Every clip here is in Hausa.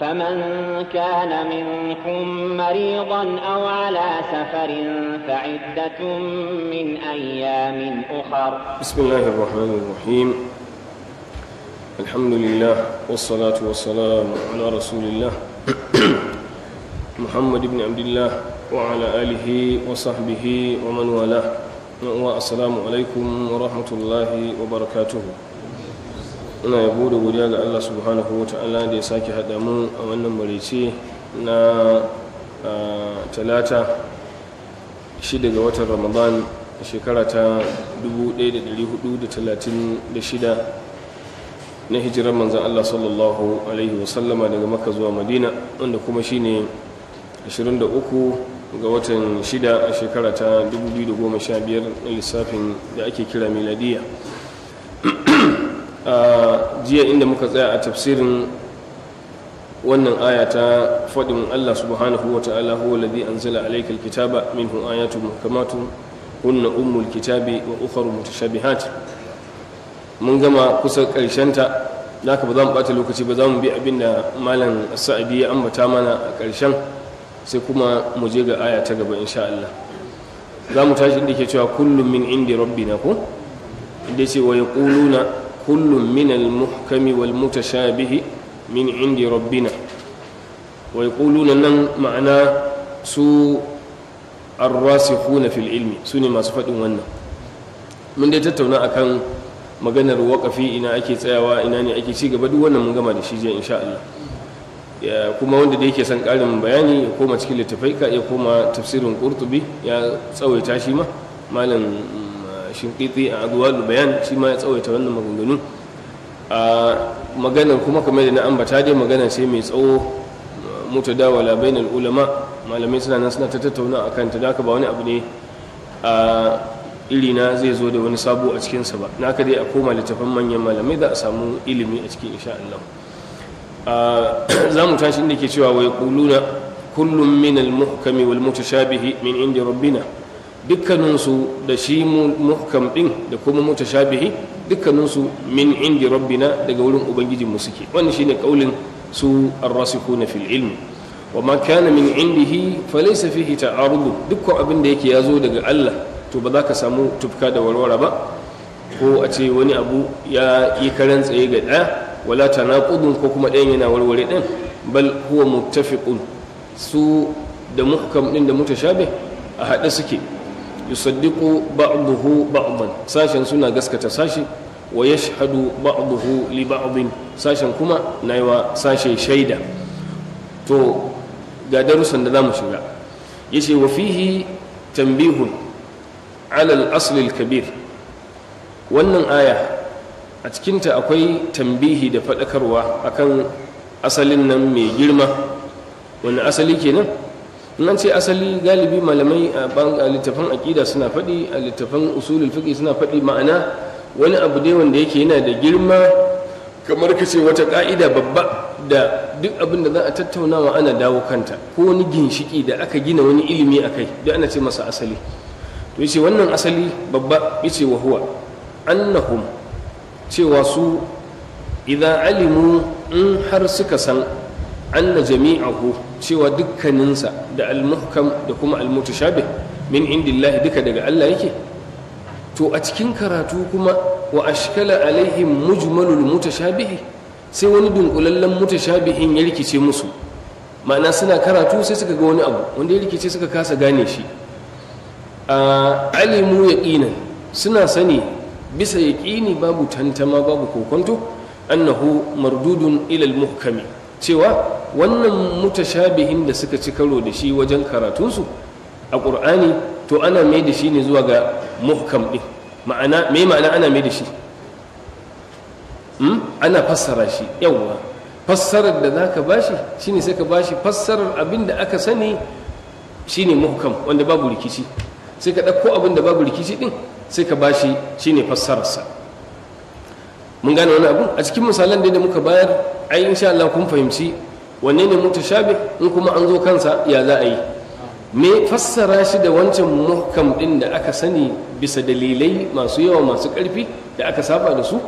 فمن كان منكم مريضا أو على سفر فعدة من أيام أخر بسم الله الرحمن الرحيم الحمد لله والصلاة والسلام على رسول الله محمد بن عبد الله وعلى آله وصحبه ومن والاه والسلام عليكم ورحمة الله وبركاته ina yabo da godiya ga allah subhanahu wa ta'ala da ya sake haɗa mu a wannan marice na talata shi ga watan ramadan shekara ta 1436 na hijirar manzan allah sallallahu alaihi wasallama daga maka zuwa madina wanda kuma shine 23 ga watan 6 a shekara ta 2015 lissafin da ake kira miladiyya jiya inda muka tsaya a tafsirin wannan aya ta faɗin Allah subhanahu wa ta'ala huwa ladhi anzala alayka alkitaba minhu ayatun muhkamatun hunna ummul kitabi wa ukhra mutashabihat mun gama kusa karshen ta zaka ba za mu bata lokaci ba za mu bi abinda malam Sa'idi ya ambata mana a karshen sai kuma mu je ga aya ta gaba insha Allah za mu tashi inda ke cewa kullum min indi rabbina ko inda ce wa yaquluna كل من المحكم والمتشابه من عند ربنا ويقولون أن معنى سوء الراسخون في masu faɗin wannan. صفات وانا من دي تتونا أكان maganar wakafi ina ake tsayawa ina ne ake cigaba duk wannan mun gama da shi jiya insha Allah kuma wanda da yake son ƙarin bayani ya koma cikin littafai ka ya koma tafsirin ƙurtubi ya tsawaita shi ma malam shinkiti a adwalul bayan shi ma ya tsawaita wannan maganganu a maganar kuma kamar da na ambata dai magana sai mai tsawo mutu labai na ulama malamai suna nan suna ta tattauna a kanta da ba wani abu ne a irina zai zo da wani sabo a cikinsa ba na ka dai a koma littafin manyan malamai za a samu ilimi a cikin insha Allah za mu tashi inda ke cewa wai kuluna kullum min al-muhkami wal mutashabihi min inda rabbina dukkaninsu da shi muhkam din da kuma mutashabihi dukkaninsu min indi rabbina daga wurin ubangijinmu suke wannan shine kaulin su ar na fil ilmi wa ma kana min indihi falaysa fihi ta'arud dukkan abin da yake yazo daga Allah to ba za ka samu tufka da warwara ba ko a ce wani abu ya yi karan tsaye ga ɗaya wala tanaqudun ko kuma ɗayan yana warware ɗin bal huwa muttafiqun su da muhkam din da mutashabih a haɗe suke yusaddiqu ba'dahu ba'dan sashen suna gaskata sashi wa yashhadu ba'dahu li ba'din sashen kuma naiwa sashe shaida to ga darussan da zamu shiga yace wa fihi tanbihun ala al-asl al-kabir wannan aya a cikinta akwai tambihi da faɗakarwa akan asalin nan mai girma wani asali kenan nan ce asali galibi malamai a littafin aƙida suna faɗi a littafin usulul fiqi suna faɗi ma'ana wani abu ne wanda yake yana da girma kamar ka ce wata ƙa'ida babba da duk abin da za a tattaunawa ana dawo kanta ko wani ginshiki da aka gina wani ilimi a kai da ana ce masa asali to yace wannan asali babba yace wa huwa annahum cewa su idan alimu in har suka san anna jami'ahu cewa dukkaninsa da almuhkam da kuma almutashabih min indillahi duka daga Allah yake to a cikin karatu kuma wa ashkala alaihim mujmalul mutashabihi sai wani dunkulallen mutashabihin ya rikice musu ma'ana suna karatu sai suka ga wani abu wanda ya rikice suka kasa gane shi a alimu yaqinan suna sani bisa yaqini babu tantama babu kokonto annahu mardudun ilal muhkami cewa wannan mutashabihin da suka ci karo da shi wajen karatunsu a ƙur'ani to ana mai da shi ne zuwa ga muhkam ɗin ma'ana mai ma'ana ana mai da shi hmm? ana fassara shi yawwa fassarar da za ka bashi shine sai ka bashi fassarar abin da aka sani shine muhkam wanda babu rikici sai ka ɗauko abin da babu rikici ɗin sai ka bashi shine fassararsa mun gane wani abu a cikin misalan da muka bayar ai insha Allah kun fahimci wanne ne mutashabih in kuma an zo kansa ya za a yi me fassara shi da wancan muhkam din da aka sani bisa dalilai masu yawa masu ƙarfi da aka saba da su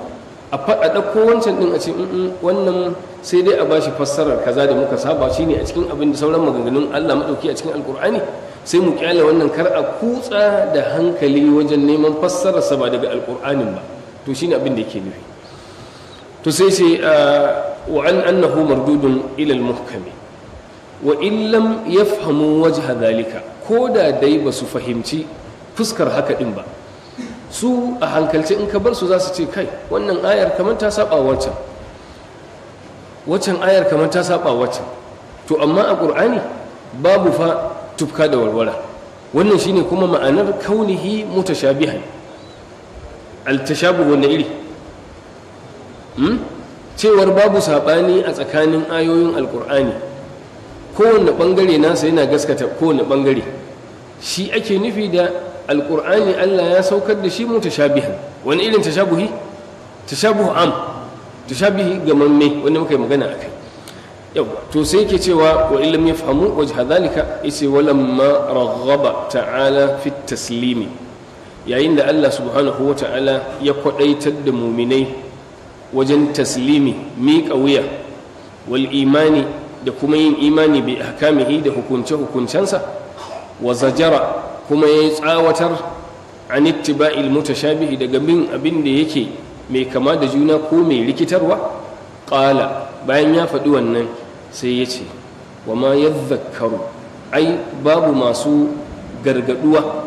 a faɗaɗa ko wancan ɗin a ce mm, mm, wannan sai dai a ba shi fassarar kaza da muka saba shi ne a cikin abin da sauran maganganun Allah maɗauki a cikin alkur'ani sai mu kyale wannan kar a kutsa da hankali wajen neman fassararsa ba daga alkur'anin ba to shi ne abin da yake nufi to sai ce ah, وعن أنه مردود إلى المحكم وإن لم يفهموا وجه ذلك كودا دي fahimci fuskar فسكر هكا إنبا su a hankalce in ka bar su za su ce kai wannan ayar kamar ta saba wancan wancan ayar kamar ta saba wancan to amma a ƙur'ani babu fa tufka da warwara wannan shine kuma ma'anar kaunihi mutashabihan al-tashabuh wani iri cewar babu saɓani a tsakanin ayoyin alkur'ani kowane ɓangare nasa yana gaskata kowane ɓangare shi ake nufi da alkur'ani allah ya saukar da shi mutashabihan wani irin tashabuhi tashabuhu am tashabihi gamamme wanda muka yi magana a kai Yau, to sai yake cewa wa illam yafhamu wajha dhalika yace walamma raghaba ta'ala fi taslimi yayin da Allah subhanahu wa ta'ala ya kwadaitar da muminai wajen taslimi miƙa wuya wal imani da kuma yin imani bi ahkamihi da hukunce hukuncensa wa zajara kuma ya tsawatar an ittiba'il mutashabihi daga bin abin da yake mai kama da juna ko mai rikitarwa Ƙala. bayan ya faɗi wannan sai ya ce wa ma zakaru? ai babu masu gargaduwa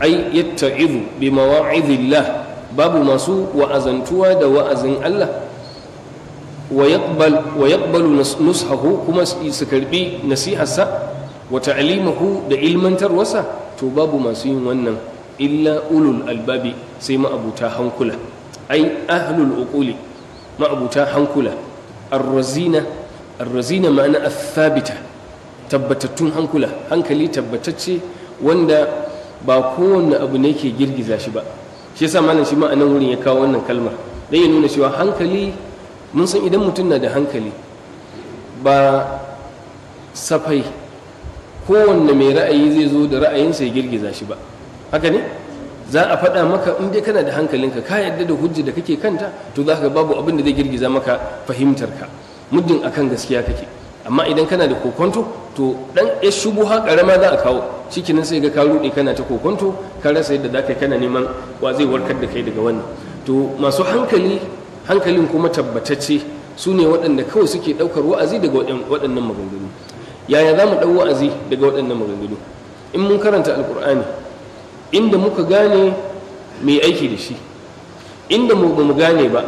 ai yatta'izu bi mawa'izillah babu masu wa'azantuwa da wa'azin Allah wa yaqbalu nushahu kuma su karbi nasiharsa wa alimahu da ilmantarwarsa to babu masu yin wannan illa ulul albabi sai ma'abuta hankula ai ahlul uquli ma'abuta hankula arrazina arrazina ma'ana athabita tabbatattun hankula hankali tabbatacce wanda ba kowanne abu ne ke girgiza shi ba shi yasa malam shi ma a nan wurin ya kawo wannan kalmar dan ya nuna cewa hankali mun san idan mutum na da hankali ba safai kowanne mai ra'ayi zai zo da ra'ayinsa ya girgiza shi ba haka ne za a faɗa maka in dai kana da hankalinka ka yadda da hujja da kake kanta to za ka babu abin da zai girgiza maka fahimtar ka. muddin akan gaskiya kake amma idan kana da kokonto to dan ya shubu ha karama za a kawo cikinin sai ga ka rude kana ta kokonto ka rasa yadda za zaka kana neman wa zai warkar da kai daga wannan to masu hankali hankalin kuma tabbatacce su ne waɗanda kawai suke ɗaukar wa'azi daga waɗannan maganganu yaya za mu ɗau wa'azi daga waɗannan maganganu in mun karanta alkur'ani inda muka gane mai aiki da shi inda mu ba mu gane ba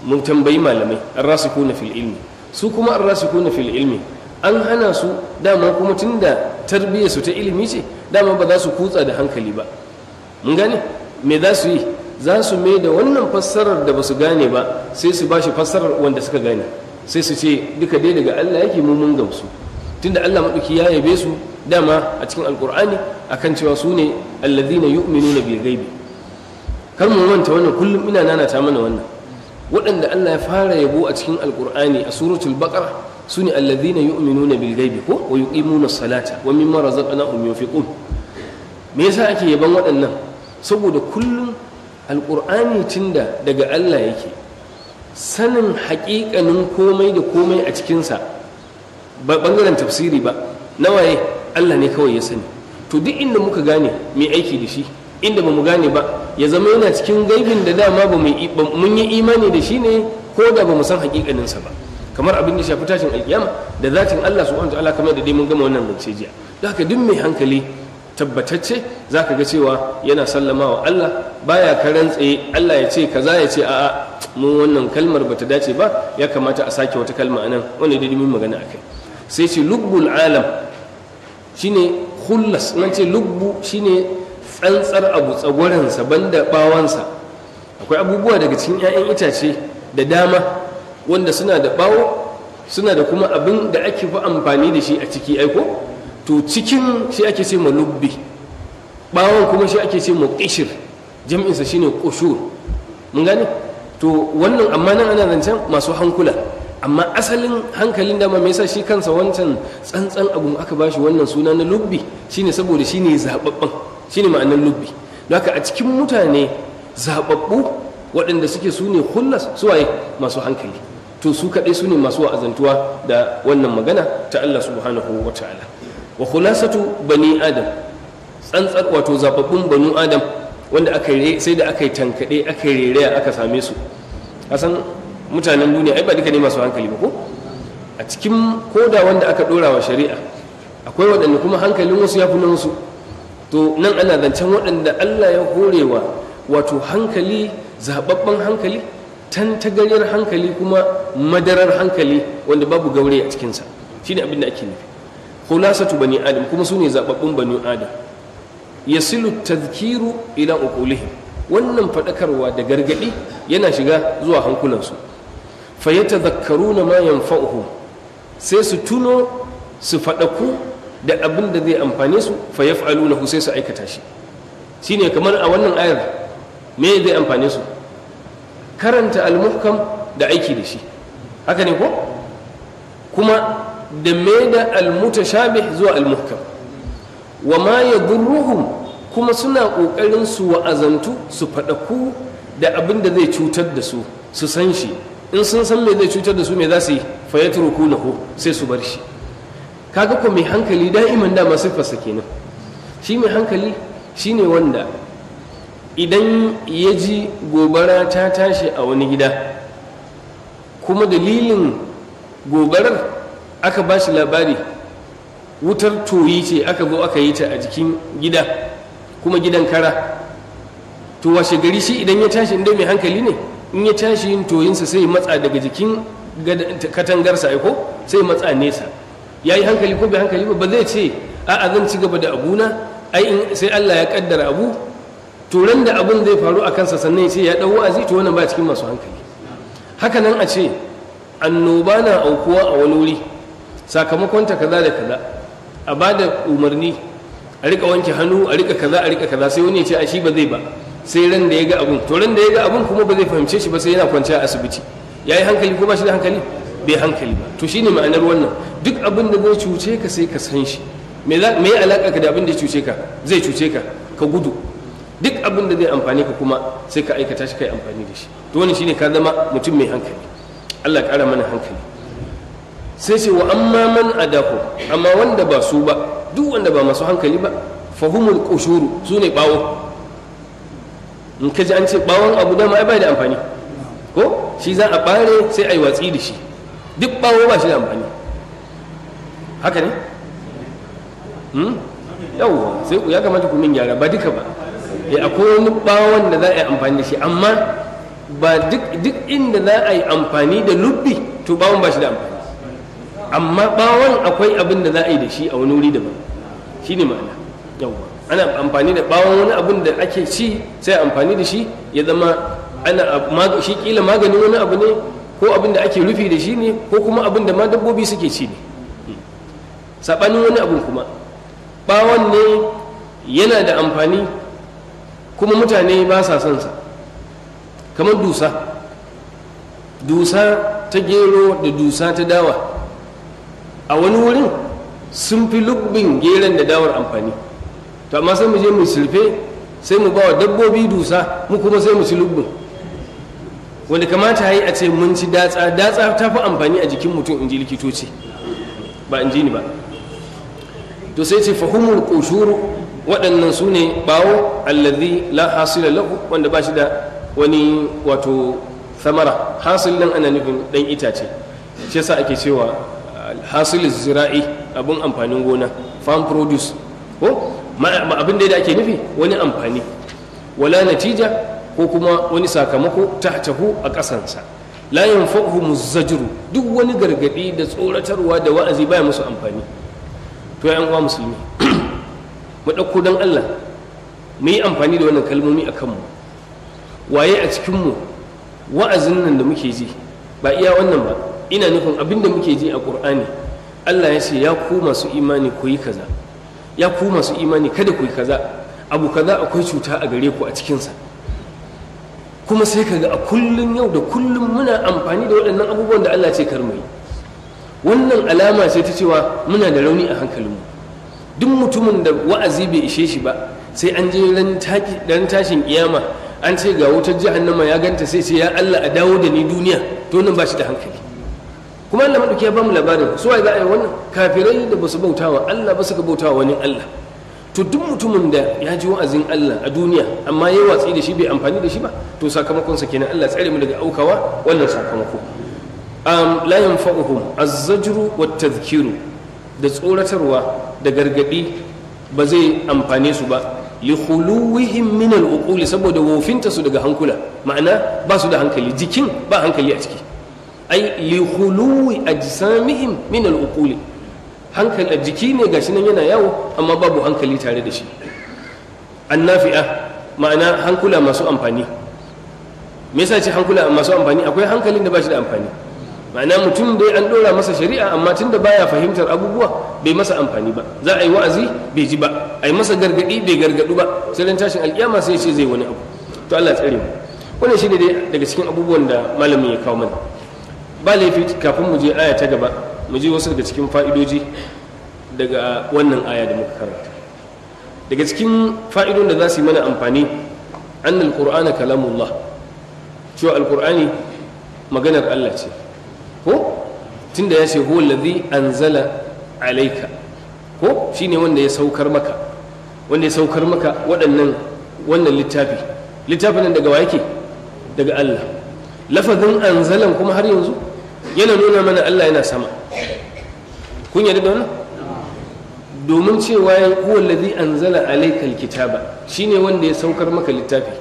mun tambayi malamai an rasu kuna fil ilmi su kuma an rasu kuna fil ilmi an hana su dama kuma tun da tarbiyyar su ta ilimi ce dama ba za su kutsa da hankali ba mun gane me za su yi za su mai da wannan fassarar da ba su gane ba sai su ba shi fassarar wanda suka gane sai su ce duka dai daga Allah yake mu mun gamsu tunda Allah maɗauki ya yabe su dama a cikin alkur'ani akan cewa su ne allazina yu'minuna bil ghaibi kar mu manta wannan kullum ina nanata mana wannan waɗanda Allah ya fara yabo a cikin Alƙur'ani a suratul baqara sune alladhina yu'minuna bil ghaibi ko wa yuqimuna salata wa mimma razaqnahum yunfiqun me yasa ake yaban waɗannan saboda kullum Alƙur'ani tunda daga Allah yake sanin haƙiƙanin komai da komai a cikinsa ba ɓangaren tafsiri ba Na waye Allah ne kawai ya sani to duk inda muka gane mai aiki da shi inda ba mu gane ba ya zama yana cikin gaibin da dama ba mun yi imani da shi ne ko da ba mu san hakikaninsa ba kamar abin da shafi tashin alkiyama da zatin Allah su subhanahu ala kamar da dai mun gama wannan zance jiya da haka duk mai hankali tabbatacce za ka ga cewa yana sallama wa Allah baya karan tsaye Allah ya ce kaza ya ce a'a mun wannan kalmar bata dace ba ya kamata a sake wata kalma anan wanda da mun magana akai sai ce lubbul alam shine khullas nan ce lubbu shine tsantsar abu ban banda bawansa akwai abubuwa daga cikin 'ya'yan itace da dama wanda suna da bawo suna da kuma abin da ake fi amfani da shi a ciki aiko to cikin shi ake ce ma lubbi bawon kuma shi ake ce ma kishir jam'insa ne kushur mun gane to wannan amma nan ana zancen masu hankula amma asalin hankalin dama mai sa shi kansa wancan tsantsan abu aka bashi wannan suna na lubbi shine saboda shine zaɓaɓɓen. ne ma'anar lubbi haka a cikin mutane zaɓaɓɓu waɗanda suke su ne hullas suwaye masu hankali to su kaɗai su ne masu wa'azantuwa da wannan magana ta Allah subhanahu wa ta'ala wa khulasatu bani adam tsantsar wato zaɓaɓɓun banu adam wanda aka yi sai da aka yi tankade aka rereya aka same su san mutanen duniya ai ba duka ne masu hankali ba ko a cikin koda wanda aka ɗora wa shari'a akwai waɗanda kuma hankalin wasu ya fi na wasu to nan ana zancen waɗanda allah ya horewa wato hankali zaɓaɓɓen hankali tantagaryar hankali kuma madarar hankali wanda babu gaure a cikinsa shine abin da ake nufi khulasatu bani adam kuma su ne zaɓaɓɓun bani adam Ya silu tazkiru ila ukulihi wannan faɗakarwa da gargaɗi yana shiga zuwa hankulansu fa na mayan fa'uhu sai su tuno su faɗaku da abin da zai amfane su fa ya na sai su aikata shi Shi ne kamar a wannan ayar me zai amfane su karanta almuhkam da aiki da shi haka ne ko kuma da me da almuta shabih zuwa almuhkam wa ma yadurruhum kuma suna kokarin su wa'azantu su faɗaku da abin da zai cutar da su su san shi in sun san me zai cutar da su me za su yi fa ko sai su bar shi kaga ko mai hankali da'iman dama siffarsa kenan shi mai hankali shine wanda idan ya ji gobara ta tashi a wani gida kuma dalilin gobarar aka ba shi labari wutar toyi ce aka zo aka yi ta a jikin gida kuma gidan kara to washe gari shi idan ya tashi inda mai hankali ne in ya tashi yin toyinsa sai matsa daga jikin katangarsa aiko sai matsa nesa ya yi hankali ko bai hankali ba ba zai ce a'a zan ci gaba da abuna sai Allah ya kaddara abu to ran da abun zai faru a kansa sannan ya ce ya dau wa'azi to wannan ba cikin masu hankali haka nan a ce annoba na aukuwa a wani wuri sakamakon ta kaza da kaza a ba umarni a rika wanke hannu a rika kaza a rika kaza sai wani ya ce a shi ba zai ba sai ran da ya ga abun to ran da ya ga abun kuma ba zai fahimce shi ba sai yana kwanciya a asibiti ya yi hankali ko ba shi da hankali bai hankali ba to shine ma'anar wannan duk abin da zai cuce ka sai ka san shi me me alaka ka da abin da cuce ka zai cuce ka ka gudu duk abin da zai amfani ka kuma sai ka aikata shi kai amfani da shi to wannan shine ka zama mutum mai hankali Allah ƙara mana hankali sai ce wa amma man adahu amma wanda ba su ba duk wanda ba masu hankali ba fahumul qushuru su ne bawo in ka ji an ce bawon abu dama ai bai da amfani ko shi za a bare sai ai watsi da shi duk bawo ba shi da amfani haka ne hmm? yawwa sai ya kamata kumin gyara ba duka ba ya eh, akwai wani bawon da za a yi amfani da shi amma ba duk inda za a yi amfani da lubbi to bawon ba shi da amfani amma bawon akwai abin da za a yi da shi a wani wuri daban shi ne ma'ana yawo ana amfani da bawon wani abin da ake ci sai amfani da shi ya zama ana shi kila maganin wani abu ne ko abin da ake rufi da shi ne ko kuma abin da ma dabbobi suke ci ne saɓanin wani abin kuma ɓawon ne yana da amfani kuma mutane ba sa son sa kamar dusa dusa ta gero da dusa ta dawa a wani wurin sun fi lubbin geron da dawar amfani to amma sai mu je mu sirfe sai mu ba wa dabbobi dusa mu kuma sai mu ci lubbin wanda kamata yi a ce mun ci datsa datsa ta fi amfani a jikin mutum in ji likitoci ba in ji ni ba to sai ce fahimul kushuru waɗannan su ne bawo alladhi la hasila lahu wanda ba shi da wani wato samara hasil nan ana nufin ɗan itace shi yasa ake cewa hasil zira'i abin amfanin gona farm produce ko abin da ake nufi wani amfani wala natija ko kuma wani sakamako tahtahu a ƙasansa la yanfa'uhu Zajiru. duk wani gargaɗi da tsoratarwa da wa'azi baya musu amfani to ya uwa musulmi mu ɗauko don Allah mu yi amfani da wannan kalmomi a kanmu waye a cikinmu wa'azin nan da muke ji ba iya wannan ba ina nufin abin da muke ji a ƙur'ani Allah ya ce ya ku masu imani ku yi kaza ya ku masu imani kada ku yi kaza abu kaza akwai cuta a gare ku a cikinsa kuma sai ka ga a kullum yau da kullum muna amfani da waɗannan abubuwan da Allah ce kar wannan alama sai ta cewa muna da rauni a hankalinmu duk mutumin da wa'azi bai ishe shi ba sai an je ran tashin kiyama an ce ga wutar jahannama ya ganta sai ce ya Allah a dawo da ni duniya to nan ba shi da hankali kuma Allah madauki ya bamu labarin su wai za a yi wannan kafirai da basu bautawa Allah ba su ka bautawa wani Allah to duk mutumin da ya ji wa'azin Allah a duniya amma ya watsi da shi bai amfani da shi ba to sakamakonsa kenan Allah tsare mu daga aukawa wannan sakamako am la yanfa'uhum az-zajru wat-tadhkiru da tsoratarwa da gargadi ba zai amfane su ba li khuluwihim min al-uquli saboda wofinta su daga hankula ma'ana ba su da hankali jikin ba hankali a ciki ai li khuluwi ajsamihim min al-uquli hankali jiki ne ga shi nan yana yawo amma babu hankali tare da shi annafi'a ma'ana hankula masu amfani me yasa ce hankula masu amfani akwai hankalin da ba da amfani ma'ana mutum dai an dora masa shari'a amma tun da baya fahimtar abubuwa bai masa amfani ba za a yi wa'azi bai ji ba a yi masa gargadi bai gargadu ba sai dan tashin alkiyama sai ce zai wani abu to Allah tsare mu wannan ne dai daga cikin abubuwan da malamin ya kawo mana ba laifi kafin mu je aya ta gaba mu ji wasu daga cikin fa'idoji daga wannan aya da muka karanta daga cikin fa'idon da za su yi mana amfani an alƙur'ana kalamullah cewa alƙur'ani maganar Allah ce ko tunda ya ce huwa an anzala alaika ko ne wanda ya saukar maka wanda ya saukar maka waɗannan wannan littafi littafin nan daga wa yake daga Allah lafazin anzalan kuma har yanzu yana nuna mana Allah yana sama kun yarda da wannan domin cewa ya huwa ladhi anzala alayka shi shine wanda ya saukar maka littafi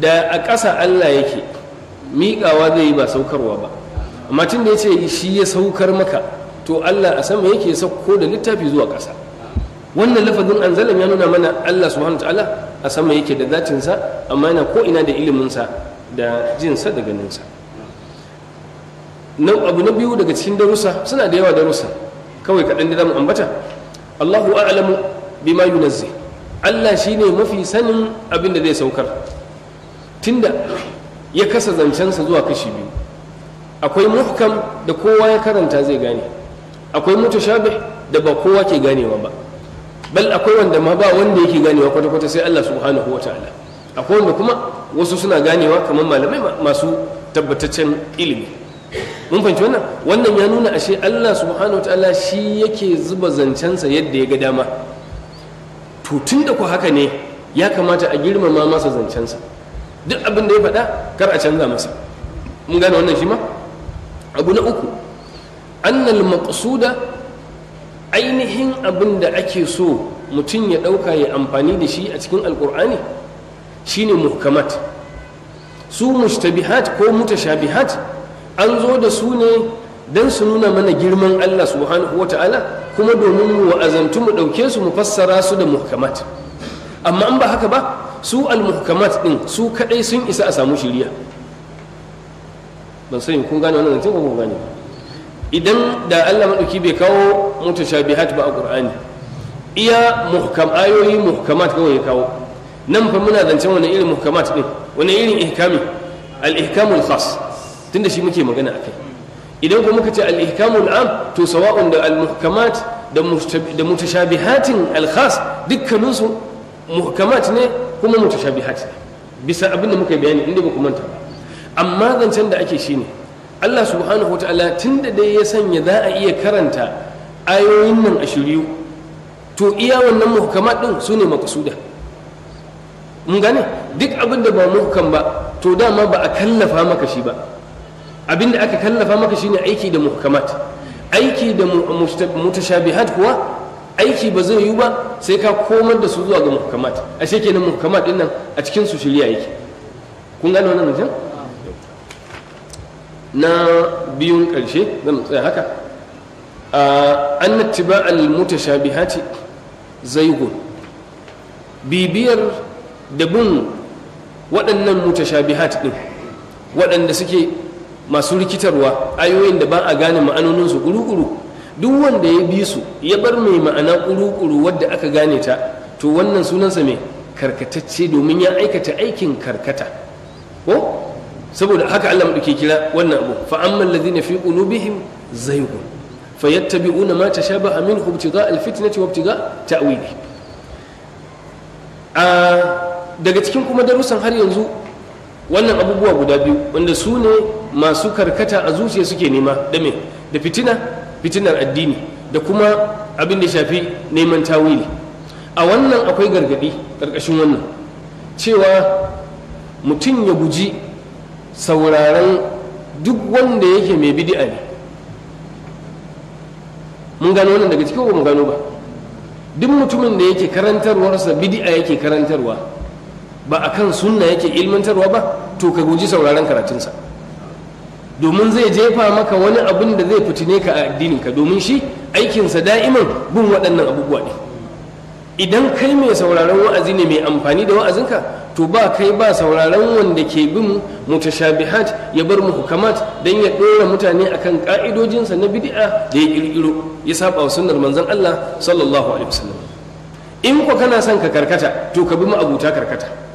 da a ƙasa Allah yake miƙawa zai yi ba saukarwa ba amma tun da ya ce shi ya saukar maka to Allah a sama yake sauko da littafi zuwa ƙasa wannan lafazin anzalam ya nuna mana Allah subhanahu ta'ala a sama yake da zatinsa amma yana ko ina da iliminsa da jinsa da ganinsa nan abu na biyu daga cikin darussa suna da yawa darussa kawai kaɗan da mu ambata Allahu a'lamu bima yunazzi Allah shine mafi sanin abin da zai saukar tunda ya kasa zancensa zuwa kashi biyu akwai muhkam da kowa ya karanta zai gane akwai mutashabih da ba kowa ke ganewa ba bal akwai wanda ma ba wanda yake ganewa kwata-kwata sai Allah subhanahu wa ta'ala akwai wanda kuma wasu suna ganewa kamar malamai masu tabbataccen ilimi mun fahimci wannan wannan ya nuna ashe Allah subhanahu wataala shi yake zuba zancensa yadda ya ga dama to tun da ku haka ne ya kamata a girmama masa zancensa duk abin da ya faɗa kar a canza masa mun gane wannan shi ma abu na uku annal maqsuda ainihin abin da ake so mutum ya ɗauka ya amfani da shi a cikin alkur'ani shine muhkamat su mushtabihat ko mutashabihat an zo da su ne don su nuna mana girman Allah subhanahu wata'ala kuma domin mu wa'azantu mu ɗauke su mu fassara su da muhkamat amma an ba haka ba su al-muhkamat ɗin su kaɗai sun isa a samu shiriya ban sani kun gane wannan zancen ko kun gane idan da Allah maɗauki bai kawo mutashabihat ba a ƙur'ani, iya muhkam ayoyi muhkamat kawai ya kawo nan fa muna zancen wani irin muhkamat ɗin wani irin ihkami al-ihkamul khas tunda shi muke magana akai idan kuma muka ce al-ihkamul am to sawa'un da al-muhkamat da mutashabihatin al-khas dukkanin su muhkamat ne kuma mutashabihat bisa abin da muka bayani inda ba ku manta ba amma zancen da ake shine Allah subhanahu wa ta'ala tunda dai ya sanya za a iya karanta ayoyin nan a shiryu to iya wannan muhkamat din su ne makasuda mun gane duk abin da ba muhkam ba to dama ba a kallafa maka shi ba abinda aka kallafa maka shine aiki da muhkamat aiki da mutashabihat kuwa aiki ba zai yi ba sai ka komar da su zuwa ga muhkamat ashe kenan muhkamat din nan a cikin su shirya yake kun gane wannan mutum na biyun karshe zan tsaya haka an nattiba al-mutashabihati zaigun bibiyar da bin waɗannan mutashabihat din waɗanda suke masu rikitarwa ayoyin da ba a gane ma'anoninsu kuru-kuru duk wanda ya bi su ya bar mai ma'ana kuru-kuru wadda aka gane ta to wannan sunansa mai karkatacce domin ya aikata aikin karkata ko saboda haka Allah ke kira wannan abu fa amman ladina fi qulubihim zaygun fayattabi'una ma tashabaha minhu ibtida alfitnati wa ibtida ta'wili a ah, daga cikin kuma darussan har yanzu wannan abubuwa guda biyu wanda su ne masu karkata a zuciya suke nema da me da fitina fitinar addini da kuma abin da shafi neman tawili a wannan akwai gargadi ƙarƙashin wannan cewa mutum ya guji sauraron duk wanda yake mai bidi'a ne mun gano wannan daga cikin ba mu gano ba duk mutumin da yake karantarwarsa bidi'a yake karantarwa ba a kan sunna yake ilmantarwa ba to ka guji sauraron karatunsa domin zai jefa maka wani abin da zai fitine ka a ka domin shi aikinsa da'iman bin waɗannan abubuwa ne idan kai mai sauraron wa'azi ne mai amfani da wa'azinka to ba kai ba sauraron wanda ke bin mutashabihat ya bar muhkamat don ya ɗora mutane akan ka'idojinsa na bid'a da ya ƙirƙiro, ya saba wa sunnar manzon Allah sallallahu alaihi wasallam in ko kana son ka karkata to ka bi ma'abuta karkata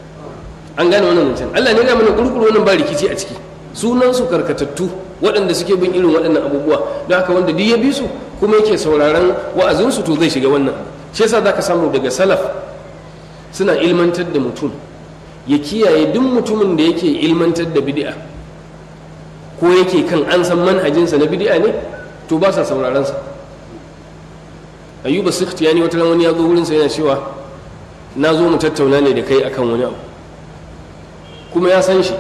an gane wannan mutum Allah ne ya mana kurkuru wannan ba rikici a ciki sunan su karkatattu waɗanda suke bin irin waɗannan abubuwa don haka wanda duk ya bi su kuma yake sauraron wa'azinsu su to zai shiga wannan shi yasa zaka samu daga salaf suna ilmantar da mutum ya kiyaye duk mutumin da yake ilmantar da bid'a ko yake kan an san manhajinsa na bid'a ne to ba sa sauraron sa ayyuba sikhtiyani wata ran wani ya zo wurin sa yana cewa na zo mu tattauna ne da kai akan wani abu kuma ya san shi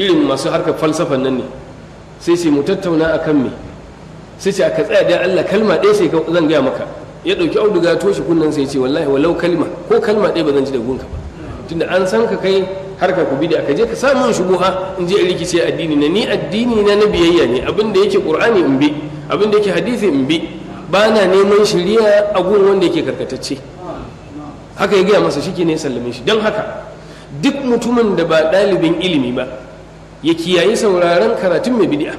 irin masu harkar falsafan nan ne sai sai mu tattauna a kan me sai ce aka tsaya da Allah kalma ɗaya sai zan gaya maka ya ɗauki auduga ya toshe kunnen sai ce wallahi walau kalma ko kalma ɗaya ba zan ji da gunka ba tunda an san ka kai harka ku bi da aka je ka samu shubuha in je rikice addini na ni addini na na biyayya ne abin da yake qur'ani in bi abin da yake hadisi in bi ba na neman shiriya a gun wanda yake karkatacce haka ya gaya masa shi ne sallame shi don haka duk mutumin da ba ɗalibin ilimi ba ya kiyaye sauraron karatun mai bidi'a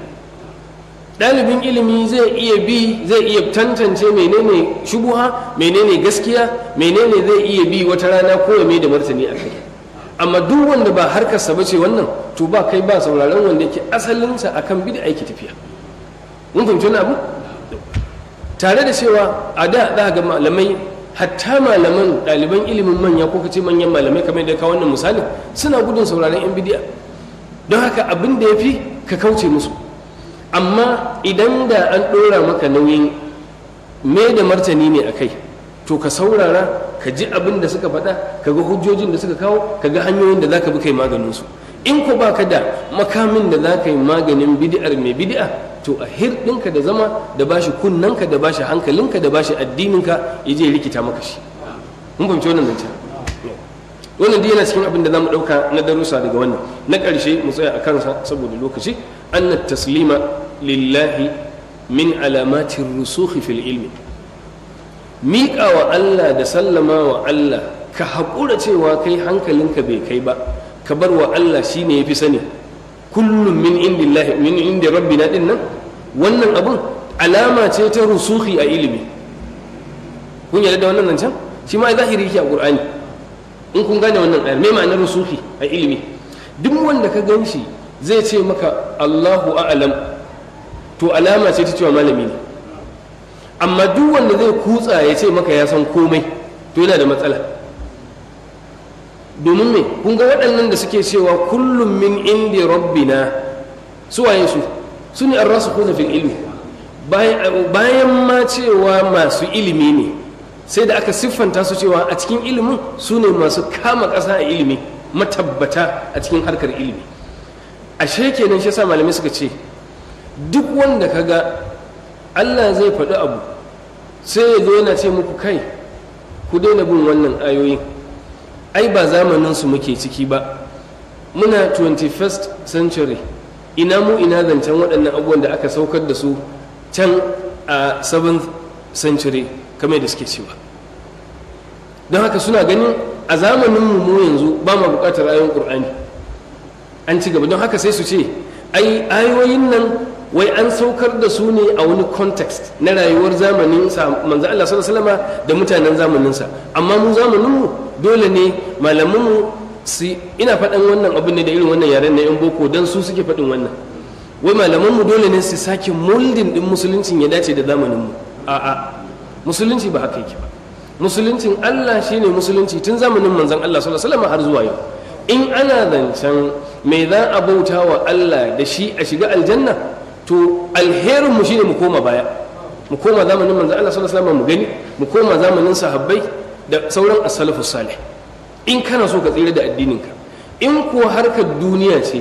ɗalibin ilimi zai iya bi zai iya tantance menene shubuha menene gaskiya menene zai iya bi wata rana ko ya mai da martani a kai amma duk wanda ba harkarsa ba ce wannan to ba kai ba sauraron wanda yake asalinsa akan da yake tafiya mun fahimci wani abu tare da cewa a da za ga malamai hatta malaman ɗaliban ilimin manya ko kace manyan malamai kamar da ka wannan misali suna gudun sauraron yan bidiya don haka abin da ya fi ka kauce musu amma idan da an ɗora maka nauyin me da martani ne a kai to ka saurara ka ji abin da suka faɗa ka ga hujjojin da suka kawo ka ga hanyoyin da za ka bi kai maganinsu in ku baka da makamin da za ka yi maganin bid'ar mai bid'a to a hirɗinka da zama da bashi kunnanka da bashi hankalinka da bashi addininka ya je rikita maka shi mun fahimci wannan zance wannan dai yana cikin abin da zamu ɗauka na darussa daga wannan na ƙarshe mu tsaya a kansa saboda lokaci anna taslima lillahi min alamatin rusuhi fil ilmi Miƙawa Allah da sallama wa Allah ka haƙura cewa kai hankalinka bai kai ba ka bar wa Allah ya fi sani kullum min indillahi min indi rabbina din nan wannan abun alama ce ta rusuhi a ilimi kun yarda da wannan nan can shi ma zahiri yake a qur'ani in kun gane wannan ayar me ma'anar rusuhi a ilimi duk wanda ka gan shi zai ce maka Allahu a'lam to alama ce ta cewa malami ne amma duk wanda zai kutsa ya ce maka ya san komai to yana da matsala domin me kun ga waɗannan da suke cewa kullum min indi rabbina su waye su su ne an rasu kuna fil ilmi bayan ma cewa masu ilimi ne sai da aka siffanta su cewa a cikin ilimin su ne masu kama ƙasa a ilimi matabbata a cikin harkar ilimi ashe kenan shi sa malamai suka ce duk wanda ka ga Allah zai faɗi abu sai ya zo yana ce muku kai ku daina bin wannan ayoyin ai ba zamanin su muke ciki ba muna 21st century ina mu ina zancen waɗannan abubuwan da aka saukar da su can a 7th century kamar da suke cewa don haka suna ganin a zamanin mu yanzu ba ma buƙatar ayoyin ƙur'ani an ci gaba don haka sai su ce ai ayoyin nan wai an saukar da su ne a wani context na rayuwar zamanin sa manzo Allah sallallahu alaihi da mutanen zamanin sa amma mu zamanin mu dole ne malamin mu su ina faɗan wannan abin ne da irin wannan yaren na yan boko dan su suke faɗin wannan wai malaman mu dole ne su sake molding din musuluncin ya dace da zamanin mu a'a musulunci ba haka yake ba musuluncin Allah shine musulunci tun zamanin manzon Allah sallallahu alaihi har zuwa yau in ana zancen me za a bauta wa Allah da shi a shiga aljanna to alherin mu shine mu koma baya mu koma zamanin manzo Allah sallallahu alaihi wasallam mu gani mu koma zamanin sahabbai da sauran as-salafu salih in kana so ka tsira da addinin ka in ko harkar duniya ce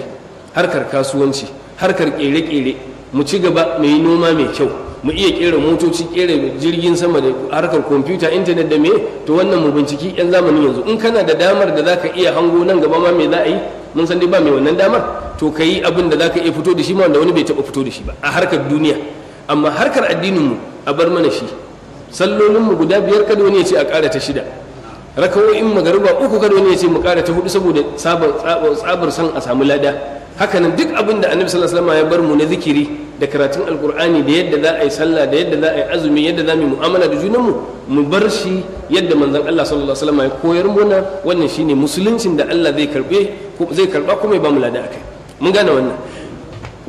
harkar kasuwanci harkar kere-kere mu ci gaba mu yi noma mai kyau mu iya kera motoci kera jirgin sama da harkar kwamfuta intanet da me to wannan mu binciki yan zamanin yanzu in kana da damar da zaka iya hango nan gaba ma me za a yi mun san dai ba mai wannan damar to ka yi abin da za ka iya fito da shi ma wanda wani bai taɓa fito da shi ba a harkar duniya amma harkar addininmu a bar mana shi sallolinmu guda biyar kada wani ya ce a ƙara ta shida rakawoyin magariba uku kada wani ya ce mu ƙara ta hudu saboda tsabar san a samu lada hakanan duk abin da annabi sallallahu alaihi wasallam ya bar mu na zikiri da karatun alkur'ani da yadda za a yi sallah da yadda za a yi azumi yadda za mu yi mu'amala da junanmu mu bar shi yadda manzon Allah sallallahu alaihi wasallam ya koyar mana wannan shine musuluncin da Allah zai karbe zai karba kuma mai ba mu lada akai mun gane wannan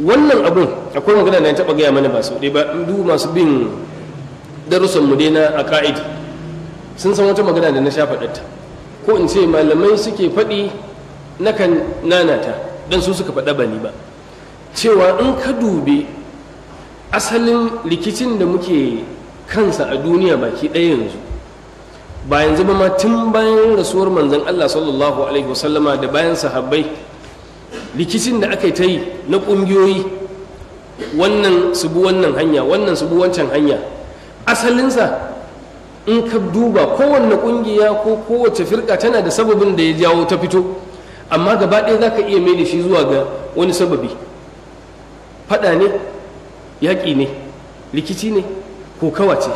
wannan abun akwai magana da ya taba gaya mana ba su dai ba du masu bin darussan mu dai na aqaidi sun san wata magana da na sha ta ko in ce malamai suke faɗi kan nanata dan su suka faɗa ba ni ba cewa in ka dubi asalin likicin da muke kansa a duniya baki ɗaya yanzu ba yanzu ba ma tun bayan rasuwar manzon Allah sallallahu alaihi wasallama da bayan sahabbai likicin da aka yi ta yi na ƙungiyoyi wannan su wannan hanya wannan su wancan hanya asalinsa in ka duba kowanne ƙungiya ko kowace firka tana da sababin da ya jawo ta fito amma gaba ɗaya za ka iya mai da shi zuwa ga wani sababi faɗa ne yaƙi ne rikici ne ko kawace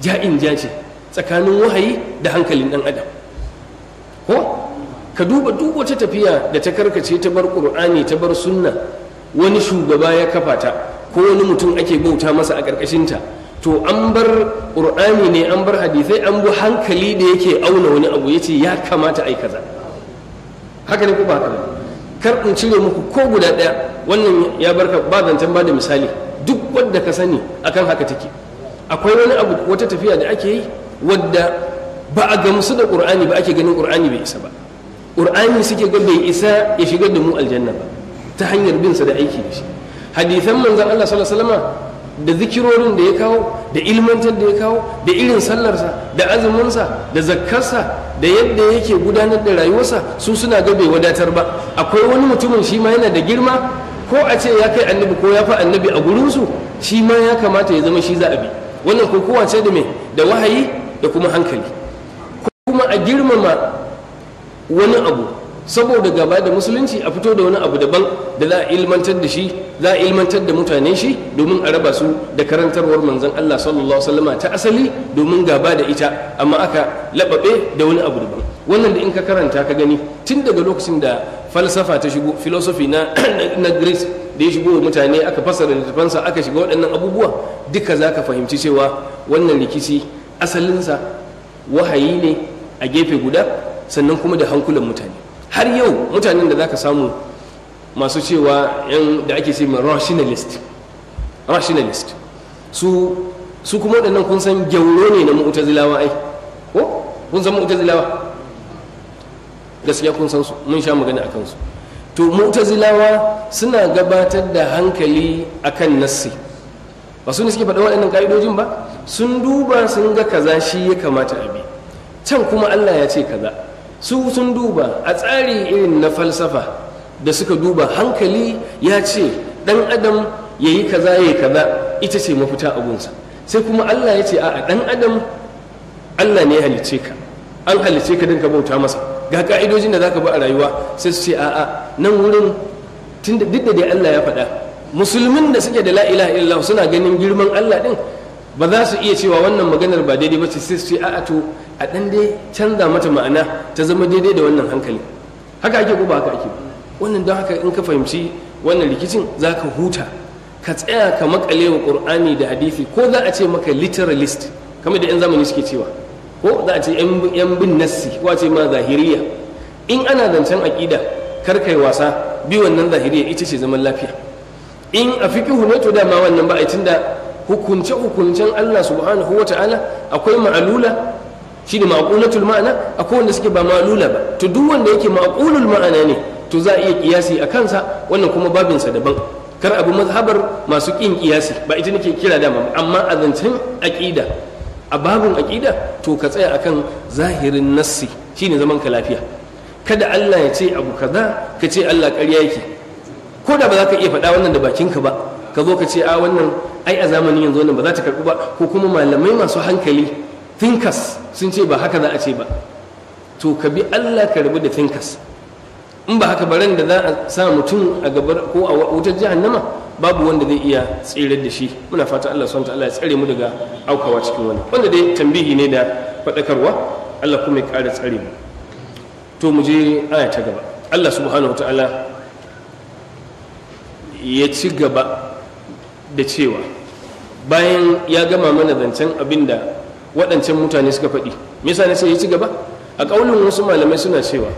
ja'in ja ce tsakanin wahayi da hankalin ɗan adam ko ka duba duk wata tafiya da ta karkace ta bar ƙur'ani ta bar sunna wani shugaba ya kafa ta ko wani mutum ake bauta masa a ƙarƙashinta to an bar ƙur'ani ne an bar hadisai an bu hankali da yake auna wani abu ya ce ya kamata ai kaza haka ne ko ba haka kar in cire muku ko guda ɗaya wannan ya barka ba zancen ba da misali duk wanda ka sani akan haka take akwai wani abu wata tafiya da ake yi wadda ba a gamsu da ƙur'ani ba ake ganin ƙur'ani bai isa ba Ƙur'ani suke ga bai isa ya shigar da mu aljanna ba ta hanyar bin sa da aiki da shi hadisan manzon Allah sallallahu alaihi wasallam da zikirorin da ya kawo da ilmantar da ya kawo da irin sallarsa da azuminsa da zakkarsa da yadda yake gudanar da rayuwarsa su suna ga bai wadatar ba akwai wani mutumin shi ma yana da girma ko a ce ya kai annabi ko ya fi annabi a gurinsu shi ma ya kamata ya zama shi za a bi wannan kokowa ce da me da wahayi da kuma hankali kuma a girmama wani abu saboda gaba da musulunci a fito da wani abu daban da za a ilmantar da shi za a ilmantar da mutane shi domin a raba su da karantarwar manzon Allah sallallahu alaihi wasallama ta asali domin gaba da ita amma aka laɓaɓe da wani abu daban wannan da in ka karanta ka gani tun daga lokacin da falsafa ta shigo philosophy na na Greece da ya shigo mutane aka fassara littafansa aka shiga waɗannan abubuwa duka za ka fahimci cewa wannan rikici asalinsa wahayi ne a gefe guda sannan kuma da hankulan mutane har yau mutanen da za ka samu masu cewa yan da ake ce rationalist rationalist su su kuma waɗannan kun san gyauro ne na mu'tazilawa ai ko kun san mu'tazilawa gaskiya kun san su mun sha magana a kansu to mu'tazilawa suna gabatar da hankali akan nassi ba su ne suke faɗa waɗannan ƙa'idojin ba sun duba sun ga kaza shi ya kamata a bi can kuma allah ya ce kaza su sun duba a tsari irin na falsafa da suka duba hankali ya ce ɗan adam ya yi kaza ya kaza ita ce mafita abunsa sai kuma allah ya ce a ɗan adam allah ne ya halicce ka an halicce ka don ka bauta masa ga ka'idojin da za ka bi a rayuwa sai su ce a'a nan wurin duk da dai Allah ya faɗa musulmin da suke da la'ila illa suna ganin girman Allah ɗin, ba za su iya cewa wannan maganar ba daidai ba ce sai su ce a'a to a ɗan dai canza mata ma'ana ta zama daidai da wannan hankali haka ake ko ba haka ake wannan don haka in ka fahimci wannan rikicin za ka huta ka tsaya ka makale wa qur'ani da hadisi ko za a ce maka literalist kamar da yan zamani suke cewa ko za a ce yan bin nassi ko a ce ma zahiriya in ana zancen aƙida kar kai wasa bi wannan zahiriya ita ce zaman lafiya in a fikihu ne to dama wannan ba a tunda hukunce hukuncen Allah subhanahu wa ta'ala akwai ma'alula shi ne ma'aqulatul ma'ana akwai wanda suke ba ma'alula ba to duk wanda yake ma'aqulul ma'ana ne to za a iya kiyasi a kansa wannan kuma babinsa daban kar abu mazhabar masu kin kiyasi ba ita nake kira dama amma a zancen aqida a babin aƙida to ka tsaya akan zahirin nassi shine zaman ka lafiya kada Allah ya ce abu kaza ka ce Allah ƙarya yake ko da ba za ka iya faɗa wannan da bakinka ba ka zo ka ce a wannan ai a zamanin yanzu wannan ba za ta karɓi ba ko kuma malamai masu hankali thinkers sun ce ba haka za a ce ba to ka bi Allah ka rabu da thinkers in ba haka baran da za a sa mutum a gabar ko a wutar jahannama babu wanda zai iya tsirar da shi muna fata Allah subhanahu Allah ya tsare mu daga aukawa cikin wani wanda dai tambihi ne da faɗakarwa Allah kuma ya ƙara tsare mu to mu je aya ta gaba Allah subhanahu ta'ala ya ci gaba da cewa bayan ya gama mana zancen abin da waɗancan mutane suka faɗi me yasa ne sai ya ci gaba a ƙaunin wasu malamai suna cewa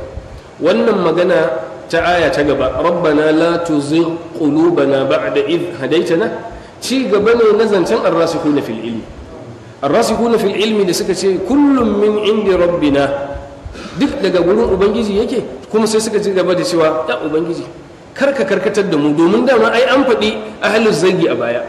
wannan magana ta aya ta gaba rabbana la tuzigh qulubana ba'da id hadaytana ci gaba ne na zancen ar-rasikhuna fil ilmi ar-rasikhuna fil ilmi da suka ce kullum min indi rabbina duk daga gurin ubangiji yake kuma sai suka ci gaba da cewa ya ubangiji karka karkatar da mu domin dama ai an faɗi ahlul zagi a baya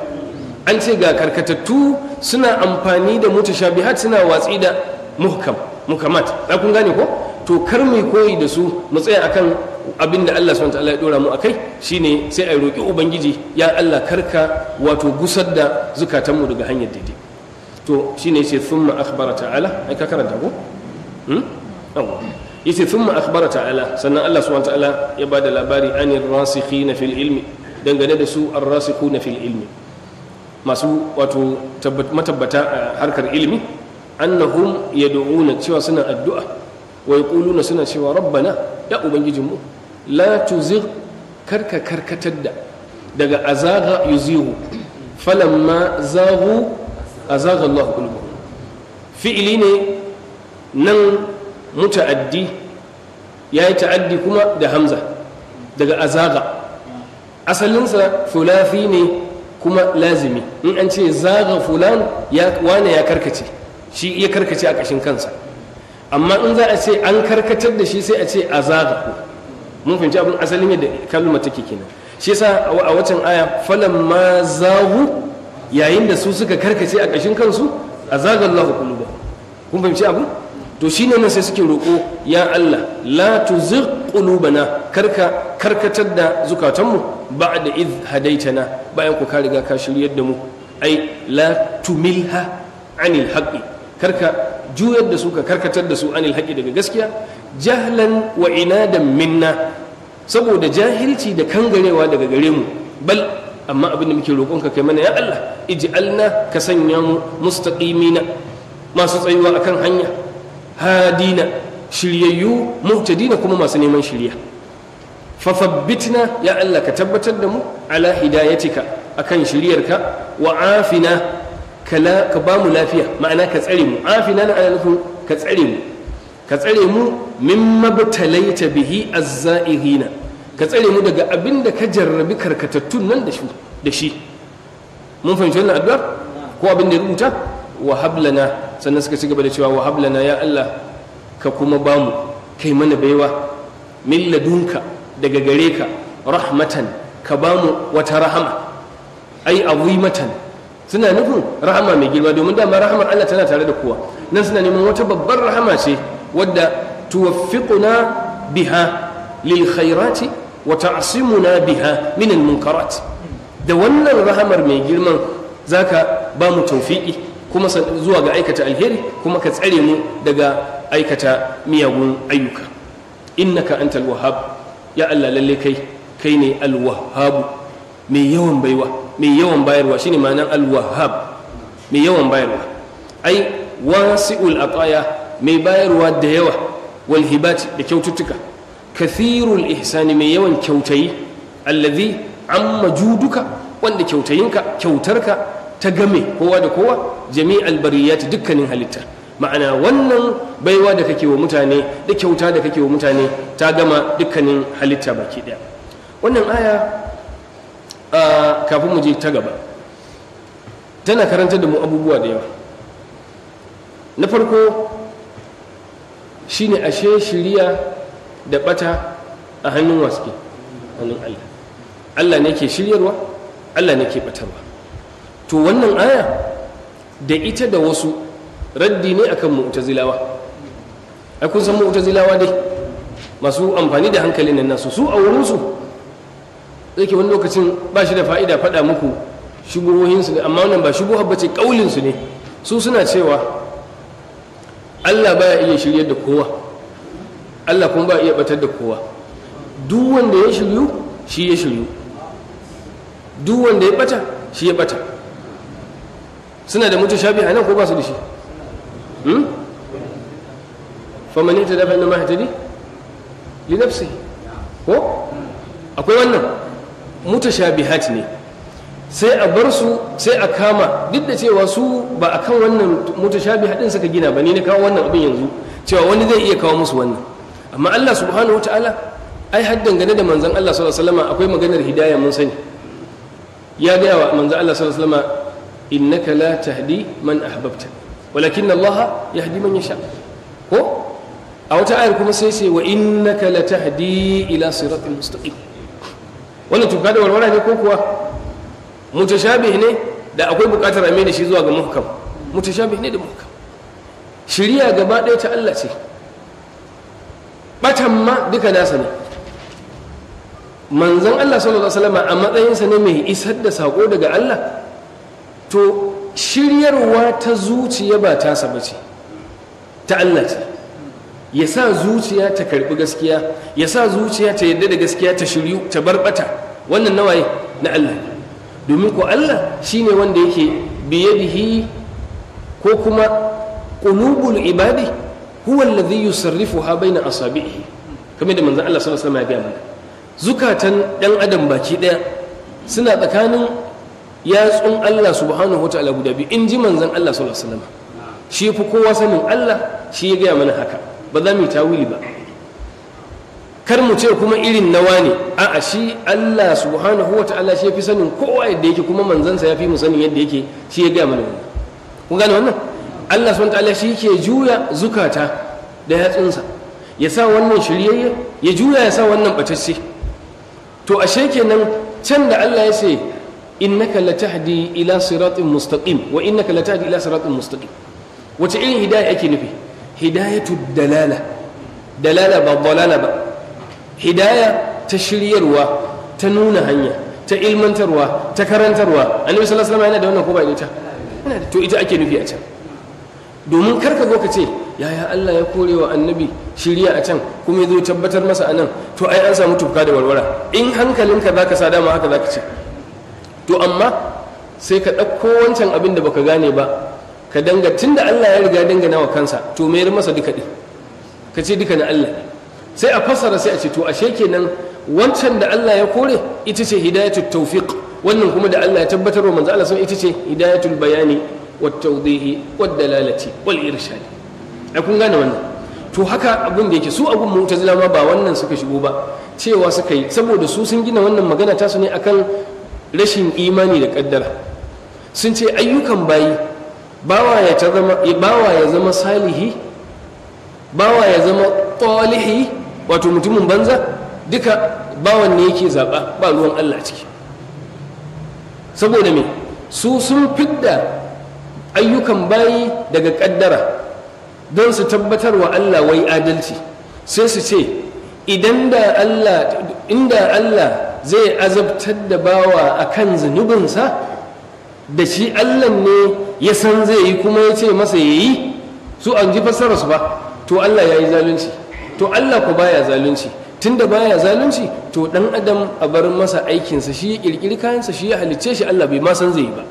an ce ga karkatattu suna amfani da mutashabihat suna watsi da muhkam mukamat za kun gane ko to kar mu koyi da su mu tsaya akan abin da Allah subhanahu wataala ya dora mu kai shine sai a yi roƙi ubangiji ya Allah karka wato gusar da zukatanmu daga hanyar daidai to shine yace thumma akhbara ta'ala ai ka karanta ko hmm? yace thumma akhbara ta'ala sannan Allah subhanahu wataala ya da labari an anir na fil ilmi dangane da su an rasiku na fil ilmi masu wato matabbata a harkar ilmi annahum yad'una cewa suna addu'a wa yaquluna suna cewa rabbana ya ubangijinmu la tuzigh karka karkatar da daga azaga yuzihu falamma zahu azaga Allah kulubu fi'ili ne nan muta'addi ya yi ta'addi kuma da hamza daga azaga asalinsa fulafi ne kuma lazimi in an ce zaga fulan wane ya karkace shi ya karkace a ƙashin kansa amma in za a ce an karkatar da shi sai a ce a ku mun fahimci abin asalin yadda kalma take kenan shi yasa a watan aya falamma zahu yayin da su suka karkace a ƙashin kansu a azagallahu kuluba kun fahimci abu to shine nan sai suke roƙo ya Allah la tuzigh qulubana karka karkatar da zukatanmu ba'da id hadaitana bayan ku ka riga ka shiryar da mu ai la tumilha anil haqqi karka juyar da su ka karkatar da su anil haƙi daga gaskiya jahlan wa inadan minna saboda jahilci da kangarewa daga gare mu bal amma abin da muke roƙonka kai mana ya Allah ij'alna ka sanya mu mustaqimina masu tsayuwa akan hanya hadina shiryayyu muhtadina kuma masu neman shirya fafabbitna ya Allah ka tabbatar da mu ala hidayatika akan shiryarka wa afina ka ba mu lafiya ma'ana ka tsare mu afina na ana nufin ka tsare mu ka tsare mu min ta bihi azza'irina ka tsare mu daga abin da ka jarrabi karkatattun nan da shi mun fahimci wannan addu'ar ko abin da ya rubuta wa hablana sannan suka ci gaba da cewa wa hablana ya Allah ka kuma ba mu kai mana baiwa min ladunka daga gare ka rahmatan ka ba mu wata rahama ai azimatan suna nufin rahama mai girma domin dama rahamar Allah tana tare da kowa nan suna neman wata babbar rahama ce wadda tuwaffiquna biha lil khairati wa ta'simuna biha min al munkarat da wannan rahamar mai girman zaka ba mu tawfiqi kuma zuwa ga aikata alheri kuma ka tsare mu daga aikata miyagun ayyuka innaka antal wahhab ya Allah lalle kai kai ne al wahhab mai yawan baiwa mai yawan bayarwa shine ma'anar al-wahhab mai yawan bayarwa ai wasi'ul ataya mai bayarwa da yawa wal hibat da kyaututtuka kathirul ihsani mai yawan kyautayi allazi amma juduka wanda kyautayinka kyautarka ta game kowa da kowa jami'al bariyat dukkanin halitta ma'ana wannan baiwa da kake wa mutane da kyauta da kake wa mutane ta gama dukkanin halitta baki daya wannan aya kafin mu je ta gaba tana karanta da mu abubuwa da yawa na farko shine ashe shiriya da bata a hannun waske hannun Allah Allah ne ke shiryarwa Allah ne ke batarwa to wannan aya da ita da wasu raddi ne akan mu'tazilawa ai kun san mu'tazilawa dai masu amfani da hankalin nan nasu su a wurinsu ke wani lokacin ba shi da fa'ida faɗa muku shubuhohinsu ne amma wannan ba shubuhar ba ce ƙaulinsu ne su suna cewa allah baya iya shiryar da kowa allah kuma ba iya batar da kowa duk wanda ya shiryu shi ya shiryu duk wanda ya bata shi ya bata suna da mutu shabi a nan ko ba su da shi hmm? famanin ta dafa na mahatari li nafsi ko akwai wannan mutashabihat ne sai a bar su sai a kama duk da cewa su ba a kan wannan mutashabihat haɗin suka gina ba ni na kawo wannan abin yanzu cewa wani zai iya kawo musu wannan amma Allah subhanahu wataala ai har dangane da manzon Allah sallallahu alaihi wasallam akwai maganar hidaya mun sani ya gaya wa manzon Allah sallallahu alaihi wasallam innaka la tahdi man ahbabta walakin Allah yahdi man yasha ko a wata ayar kuma sai sai wa innaka la tahdi ila siratal mustaqim wannan tuka da warware ne ko kuwa mutashabih ne da akwai bukatar a shi zuwa ga muhkam mutashabih ne da muhkam shari'a gaba ɗaya ta Allah ce batan ma duka nasa ne manzon Allah sallallahu alaihi wasallam a matsayinsa ne mai isar da sako daga Allah to shiryarwa ta zuciya ba ta sabace ce ta Allah ce ya sa zuciya ta karbi gaskiya ya sa zuciya ta yadda da gaskiya ta shiryu ta barbata wannan nawaye na Allah domin ko Allah shine wanda yake biye biyadihi ko kuma qulubul ibadi huwa alladhi yusarrifuha baina asabihi kamar da manzon Allah sallallahu alaihi wasallam ya gaya mana zukatan dan adam baki daya suna tsakanin yatsun Allah subhanahu wataala guda biyu in ji manzon Allah sallallahu alaihi wasallam shi fi kowa sanin Allah shi ya gaya mana haka ba za mu yi tawili ba kar mu ce kuma irin nawa ne a'a shi Allah subhanahu wata'ala shi fi sanin kowa yadda yake kuma manzansa ya fi mu sanin yadda yake shi ya gaya mana wannan kun gane wannan Allah subhanahu wata'ala shi ke juya zukata da yatsunsa ya sa wannan shiryayye ya juya ya sa wannan batacce to ashe kenan can da Allah ya ce innaka latahdi ila siratin mustaqim wa innaka latahdi ila siratin mustaqim wace irin hidaya ake nufi hidayatu dalala dalala ba dalala ba hidaya ta shiryarwa ta nuna hanya ta ilmantarwa ta karantarwa annabi sallallahu alaihi yana da wannan ko ba ita yana da to ita ake nufi a can domin kar ka zo ka ce yaya Allah ya kore wa annabi shirya a can kuma ya zo tabbatar masa a nan to ai an samu tufka da warwara in hankalinka ka sa dama haka za ka ce to amma sai ka ɗauko wancan abin da baka gane ba ka danga tunda Allah ya riga dangana nawa kansa to mayar masa duka din ka ce duka na Allah sai a fassara sai a ce to ashe kenan wancan da Allah ya kore ita ce hidayatul tawfiq wannan kuma da Allah ya tabbatar wa manzo Allah sun ita ce hidayatul bayani wat tawdihi wad dalalati wal irshad ai kun gane wannan to haka abin da yake su abun mu'tazila ma ba wannan suka shigo ba cewa suka yi saboda su sun gina wannan magana tasu ne akan rashin imani da kaddara sun ce ayyukan bayi bawa ya zama salihi bawa ya zama ƙwalihi? wato mutumin banza duka bawan ne yake zaɓa, ba ruwan Allah ciki saboda mai su sun fidda ayyukan bayi daga ƙaddara, don su tabbatar wa Allah wai adalci sai su ce idan da Allah inda Allah zai azabtar da bawa a kan zunubinsa da shi Allah ne ya san zai yi kuma ya ce masa ya yi su an ji fassara su ba to Allah ya yi zalunci to Allah ku baya zalunci Tun tunda baya zalunci to dan adam a bar masa aikinsa shi ya kirkiri kayansa shi ya halicce shi Allah bai ma san zai yi ba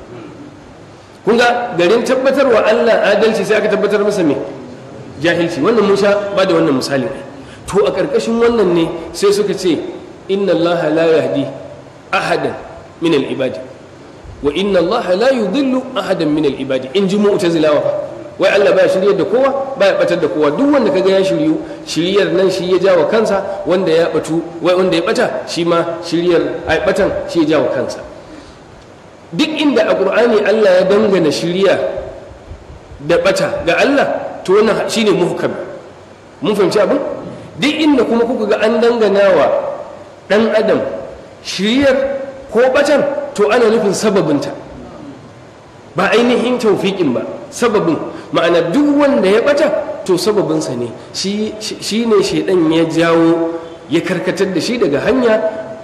kun ga garin tabbatarwa Allah adalci sai aka tabbatar masa mai jahilci wannan Musa ba da wannan misali to a ƙarƙashin wannan ne sai suka ce inna Allah la yahdi ahadan min al-ibadi wa inna allaha la yudhillu ahadan min al-ibadi in ji mu'tazilawa wai Allah baya shiryar da kowa baya batar da kowa duk wanda kaga ya shiryu shiryar nan shi ya jawo kansa wanda ya batu wai wanda ya bata shi ma shiryar ai batan shi ya jawo kansa duk inda a qur'ani Allah ya dangana shiriya da bata ga Allah to wannan shine muhkam mun fahimci abin duk inda kuma kuka ga an danganawa dan adam shiryar ko bacan to ana nufin sababinta ba ainihin taufiƙin ba sababin ma'ana duk wanda ya bata to sababinsa ne shi ne shaidan ya jawo ya karkatar da shi daga hanya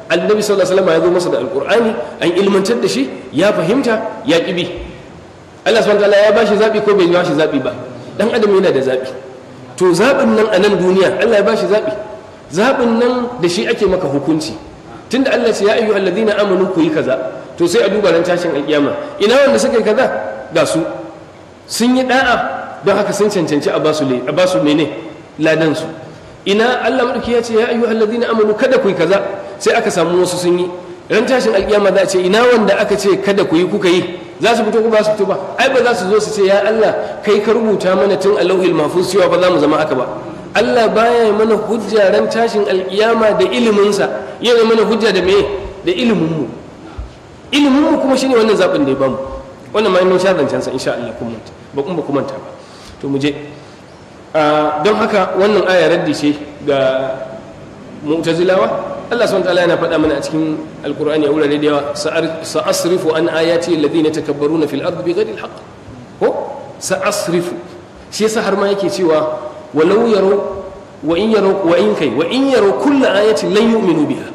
annabi sallallahu alaihi wasallam ya zo masa da alqur'ani an ilmantar da shi ya fahimta ya kibi Allah subhanahu ta'ala ya bashi zabi ko bai bashi zabi ba dan adam yana da zabi to zabin nan a nan duniya Allah ya bashi zabi zabin nan da shi ake maka hukunci Tun da Allah ya ayyu na amanu ku yi kaza to sai a duba ran tashin alkiyama ina wanda suka yi kaza ga su sun yi da'a don haka sun cancanci a basu ne, ladan su ina Allah madauki ya ce ya ayyu alladhina amanu kada ku yi kaza sai aka samu wasu sun yi ran tashin alkiyama za a ce ina wanda aka ce kada ku yi kuka yi za su fito ko ba su fito ba ai ba za su zo su ce ya Allah kai ka rubuta mana tun al'auhil lauhil cewa ba za mu zama aka ba Allah baya mana hujja ran tashin alkiyama da iliminsa yana mana hujja da me da iliminmu iliminmu kuma shine wannan zaɓin da ya bamu wannan ma mun sha zancensa insha Allah kun ba kun ba ku manta ba to mu je ah, don haka wannan aya raddi ce ga mu'tazilawa Allah subhanahu ta'ala yana faɗa mana a cikin alqur'ani a wurare da yawa sa'asrifu an ayati alladhina takabbaruna fil ardi bighairi alhaq ko sa'asrifu shi yasa har ma yake cewa walau yaro wa in yaro wa in kai wa biha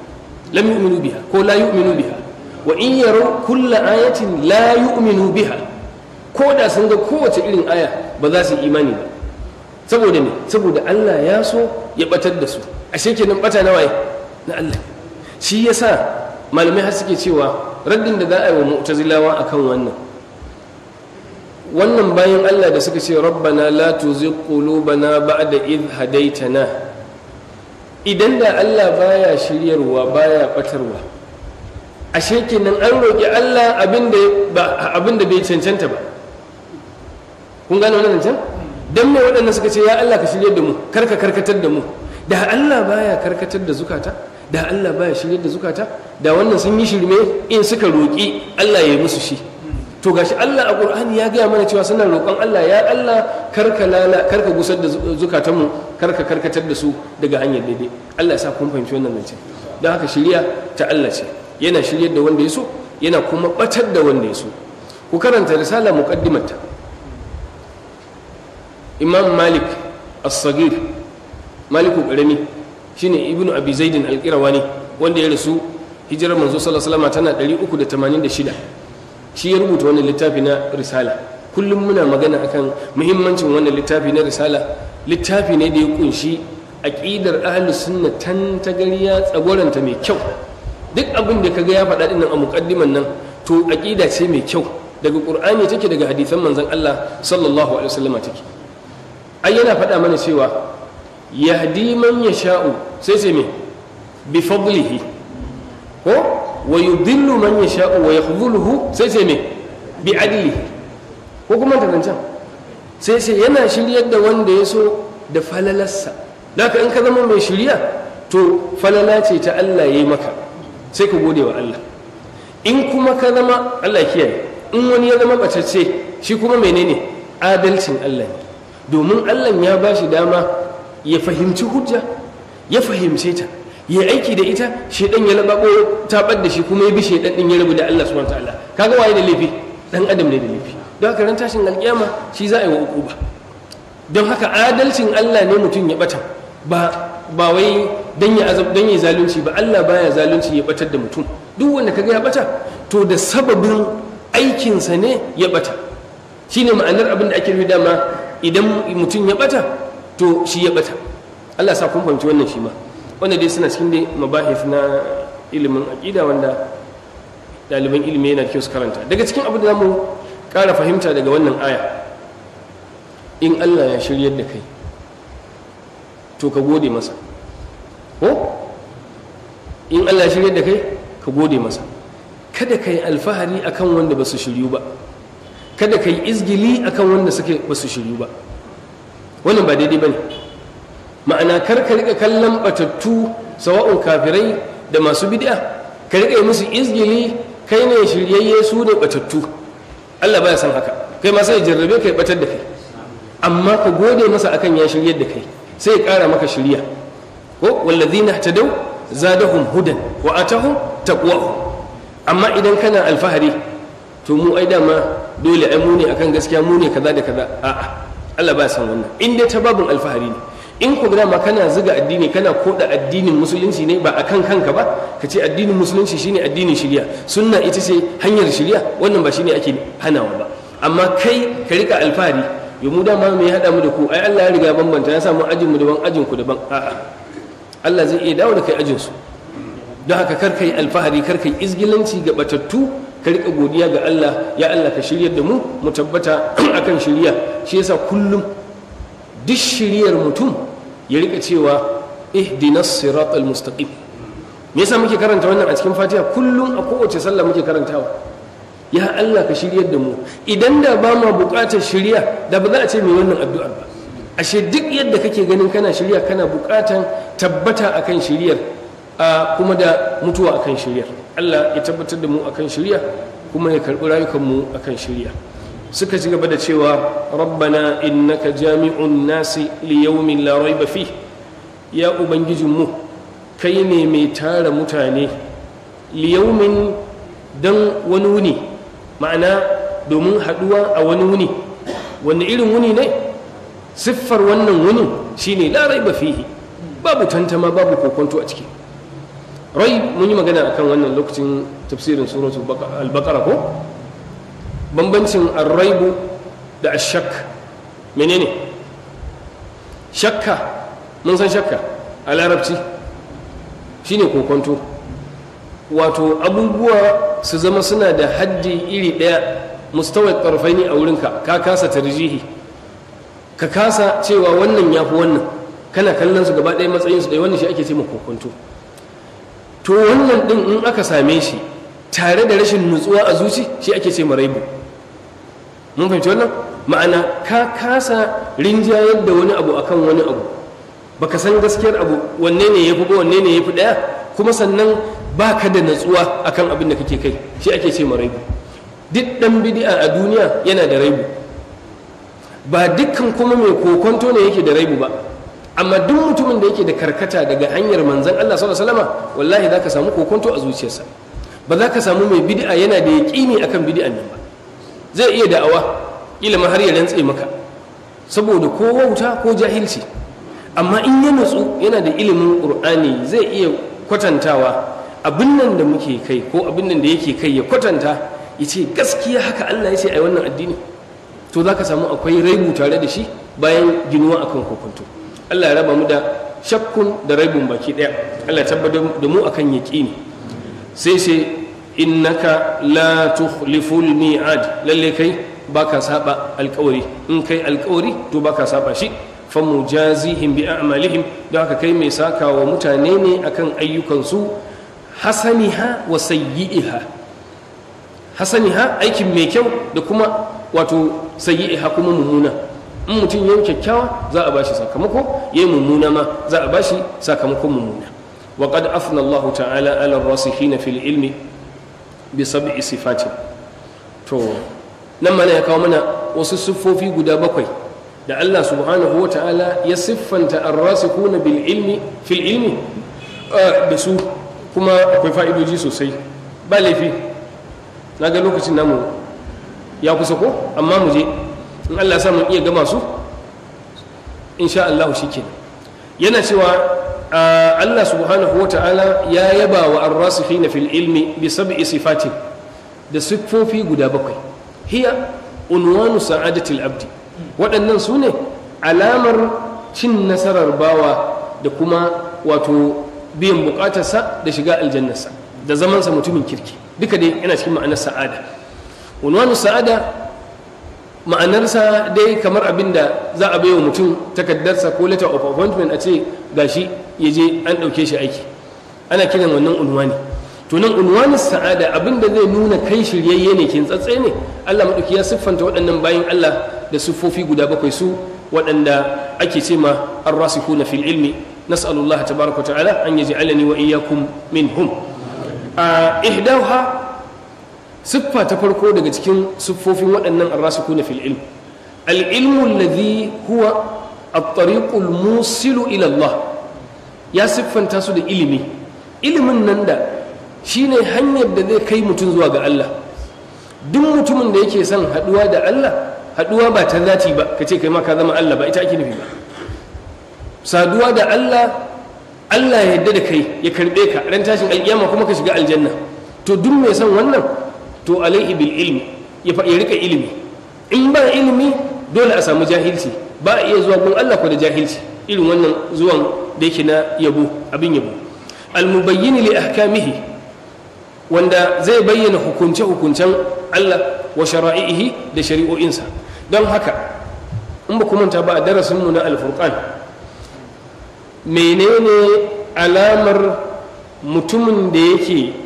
ko la yu'minu biha wa in yaro kullu ayatin la biha ko da sun ga kowace irin aya ba za su imani ba saboda ne saboda Allah ya so ya batar da su ashe kenan bata na waye na Allah shi yasa malamai har suke cewa raddin da za a yi wa mu'tazilawa akan wannan wannan bayan allah da suka ce rabbana la tuzigh qulubana ba'da id hadaitana idan da allah baya shiryarwa baya batarwa ashe kenan an roƙi allah ba abinda bai cancanta ba kun gane wannan can dan me waɗannan suka ce ya allah ka shiryar da mu karka karkatar da mu da allah baya karkatar da zukata da allah baya shiryar da zukata da wannan sun yi shirme in suka roƙi allah ya yi musu shi to gashi Allah a Qur'ani ya gaya mana cewa suna roƙon Allah ya Allah karka lala karka gusar da zukatanmu karka karkatar da su daga hanyar daidai Allah ya sa kun fahimci wannan zance don haka shirya ta Allah ce yana shiryar da wanda ya so yana kuma batar da wanda ya so ku karanta risala muqaddimat Imam Malik As-Saghir Maliku Qarami shine Ibn Abi Zaid Al-Qirawani wanda ya rasu hijirar manzo sallallahu alaihi wasallam tana 386 shi ya rubuta wannan littafi na risala kullum muna magana akan muhimmancin wannan littafi na risala littafi ne da ya kunshi aƙidar ahlus sunna tan ta gariya tsagoranta mai kyau duk abin da kaga ya faɗa dinnan a muqaddiman nan to aƙida ce mai kyau daga ƙur'ani take daga hadisan manzon Allah sallallahu alaihi wasallam take ai yana faɗa mana cewa yahdi man yasha'u sai sai me bi fadlihi ko wa yudillu man yasha'u wa yakhdhuluhu sai bi ko kuma ta sai sai yana shiryar da wanda ya so da falalarsa haka in ka zama mai shirya to falala ce ta Allah yayi maka sai ka gode wa Allah in kuma ka zama Allah kiyaye in wani ya zama bacacce shi kuma menene adalcin Allah ne domin Allah ya ba shi dama ya fahimci hujja ya fahimce ta ya aiki da ita shaidan ya labako tabar da shi kuma ya bi shaidan din ya rabu da Allah subhanahu wataala kaga waye da laifi dan adam ne da laifi don haka ran tashin alkiyama shi za a yi wa ba. don haka adalcin Allah ne mutum ya bata ba ba wai dan ya azab dan ya zalunci ba Allah baya zalunci ya batar da mutum duk wanda kaga ya bata to da sababin aikinsa ne ya bata shine ma'anar abin da ake nufi dama idan mutum ya bata to shi ya bata Allah sa kun fahimci wannan shi ma wanda dai suna cikin dai mabahif na ilimin aƙida wanda ɗaliban ilimi yana kyau su karanta daga cikin abu da mu ƙara fahimta daga wannan aya in allah ya shirya da kai to ka gode masa ko in allah ya shirya da kai ka gode masa kada ka yi alfahari a kan wanda ba su shiryu ba kada ka yi izgili kan wanda suke ba su shiryu ba wannan ba daidai ba ne ma'ana kar ka riƙa kallon batattu sawa'un kafirai da masu bid'a ka yi musu izgili kai ne shiryayye su ne batattu Allah baya san haka kai ma sai jarrabe kai batar da kai amma ka gode masa akan ya shiryar da kai sai ya ƙara maka shirya ko wallazina tadau zadahum hudan wa atahum taqwa amma idan kana alfahari to mu ai dama dole ai mu ne akan gaskiya mu ne kaza da kaza a'a Allah baya san wannan in dai ta babun alfahari ne in ku dama kana ziga addini kana koda addinin musulunci ne ba akan kanka ba ka ce addinin musulunci shine addinin shirya sunna ita ce hanyar shirya wannan ba shine ake hanawa ba amma kai ka rika alfahari yo mu dama mai hada mu da ku ai Allah ya riga bambanta ya samu ajin mu daban ajin ku daban a'a Allah zai iya dawo da kai ajin su don haka kar kai alfahari kar kai izgilanci ga batattu ka rika godiya ga Allah ya Allah ka shiryar da mu mu tabbata akan shirya shi yasa kullum duk shiriyar mutum ya rika cewa ihdinas siratal mustaqim me yasa muke karanta wannan a cikin fatiha kullum a kowace sallah muke karantawa ya Allah ka shiryar da mu idan da ba ma buƙatar shirya da ba za a ce mai wannan addu'ar ba ashe duk yadda kake ganin kana shirya kana buƙatar tabbata akan shiryar kuma da mutuwa akan shiryar Allah ya tabbatar da mu akan shirya kuma ya karɓi rayukanmu akan shirya suka ci gaba da cewa rabbana ka jami'un nasi li yawmin la raiba fi ya ubangijinmu kai ne mai tara mutane li yawmin dan wani wuni ma'ana domin haduwa a wani wuni wani irin wuni ne siffar wannan wuni shine la ba fihi babu tantama babu kokonto a ciki rai mun yi magana akan wannan lokacin tafsirin suratul al ko bambancin arraibu da ashak menene shakka mun san shakka a larabci shine kokonto wato abubuwa su zama suna da haddi iri ɗaya mustawai ƙarfaini a wurinka ka kasa tarjihi ka kasa cewa wannan ya fi wannan kana kallon su gaba ɗaya matsayin su ɗaya wannan shi ake ce kokonto to wannan ɗin in aka same shi tare da rashin nutsuwa a zuci shi ake ce maraibu mun fahimci wannan ma'ana ka kasa rinjayar da wani abu akan wani abu baka san gaskiyar abu wanne ne ya fi ba wanne ne ya fi ɗaya? kuma sannan ba ka da natsuwa akan abin da kake kai shi ake ce ma raibu duk ɗan bidi'a a duniya yana da raibu ba dukkan kuma mai kokonto ne yake da raibu ba amma duk mutumin da yake da karkata daga hanyar manzan Allah sallallahu alaihi wasallam wallahi zaka samu kokonto a zuciyarsa ba za ka samu mai bid'a yana da a akan bid'an nan ba zai iya da'awa ilimin har ya rantse maka saboda ko wauta ko jahilci amma in ya nutsu yana da ilimin ƙur'ani zai iya kwatantawa abin nan da muke kai ko abin nan da yake kai ya kwatanta ya ce gaskiya haka allah ya ce a wannan addini to za ka samu akwai raibu tare da shi bayan ginuwa akan hukuntu allah ya raba mu da shakkun da raibun baki ɗaya allah ya tabbatar da mu akan yaƙini sai sai innaka la tukhliful mi'ad lalle kai baka saba alkawari in kai alkawari to baka saba shi fa mujazihim bi a'malihim don haka kai mai saka wa mutane ne akan ayyukansu hasaniha wa sayyi'iha hasaniha aikin mai kyau da kuma wato sayyi'iha kuma mummuna in mutum yau kyakkyawa za a bashi sakamako yayi mummuna ma za a bashi sakamakon mummuna وقد أفنى ta'ala ala على الراسخين في ilmi. bisab sab'i to nan mana ya kawo mana wasu siffofi guda bakwai da Allah subhanahu wa ta'ala ya siffanta arrasikuna bil ilmi fil ilmi eh, da su kuma akwai fa'idoji sosai ba laifi na ga lokacin namu ya kusa ko amma mu je in Allah sa mun iya gama su insha Allah shi yana cewa Allah subhanahu wa ta'ala ya yaba wa arrasifina fil ilmi bi sab'i isifatin da siffofi guda bakwai hiya unwanu sa'adatil abdi waɗannan su ne alamar cin nasarar bawa da kuma wato biyan buƙatarsa da shiga aljannarsa da zamansa mutumin kirki duka dai yana cikin ma'anar sa'ada unwanu sa'ada ma'anarsa dai kamar abin da za a baiwa mutum takardarsa ko letter of appointment a ce gashi ya je an ɗauke shi aiki ana kiran wannan unwani to nan unwanin sa'ada abin da zai nuna kai shiryayye ne kin tsatse ne Allah maɗauki ya siffanta waɗannan bayan Allah da siffofi guda bakwai su waɗanda ake ce ma ar-rasikhuna fil ilmi nas'alullaha tabaraka wa ta'ala an yaj'alani wa iyyakum minhum a siffa ta farko daga cikin siffofin waɗannan arrasikuna fil ilm al ilmu alladhi huwa at-tariqul musilu ila ya siffanta su da ilimi ilimin nan da shine hanyar da zai kai mutum zuwa ga Allah duk mutumin da yake son haduwa da Allah haduwa ba ta zati ba kace kai ma ka zama Allah ba ita ake nufi ba saduwa da Allah Allah ya yarda da kai ya karɓe ka ran tashin alƙiyama kuma ka shiga aljanna to duk mai son wannan to alaihi bil ilmi ya rika ilimi in ba ilimi dole a samu jahilci ba a iya zuwa gun Allah ko da jahilci irin wannan zuwan da yake na yabo abin yabo al mubayyin li ahkamihi wanda zai bayyana hukunce hukuncen Allah wa shara'ihi da shari'o'insa don haka in ba manta ba a darasin mu na alfurkan menene alamar mutumin da yake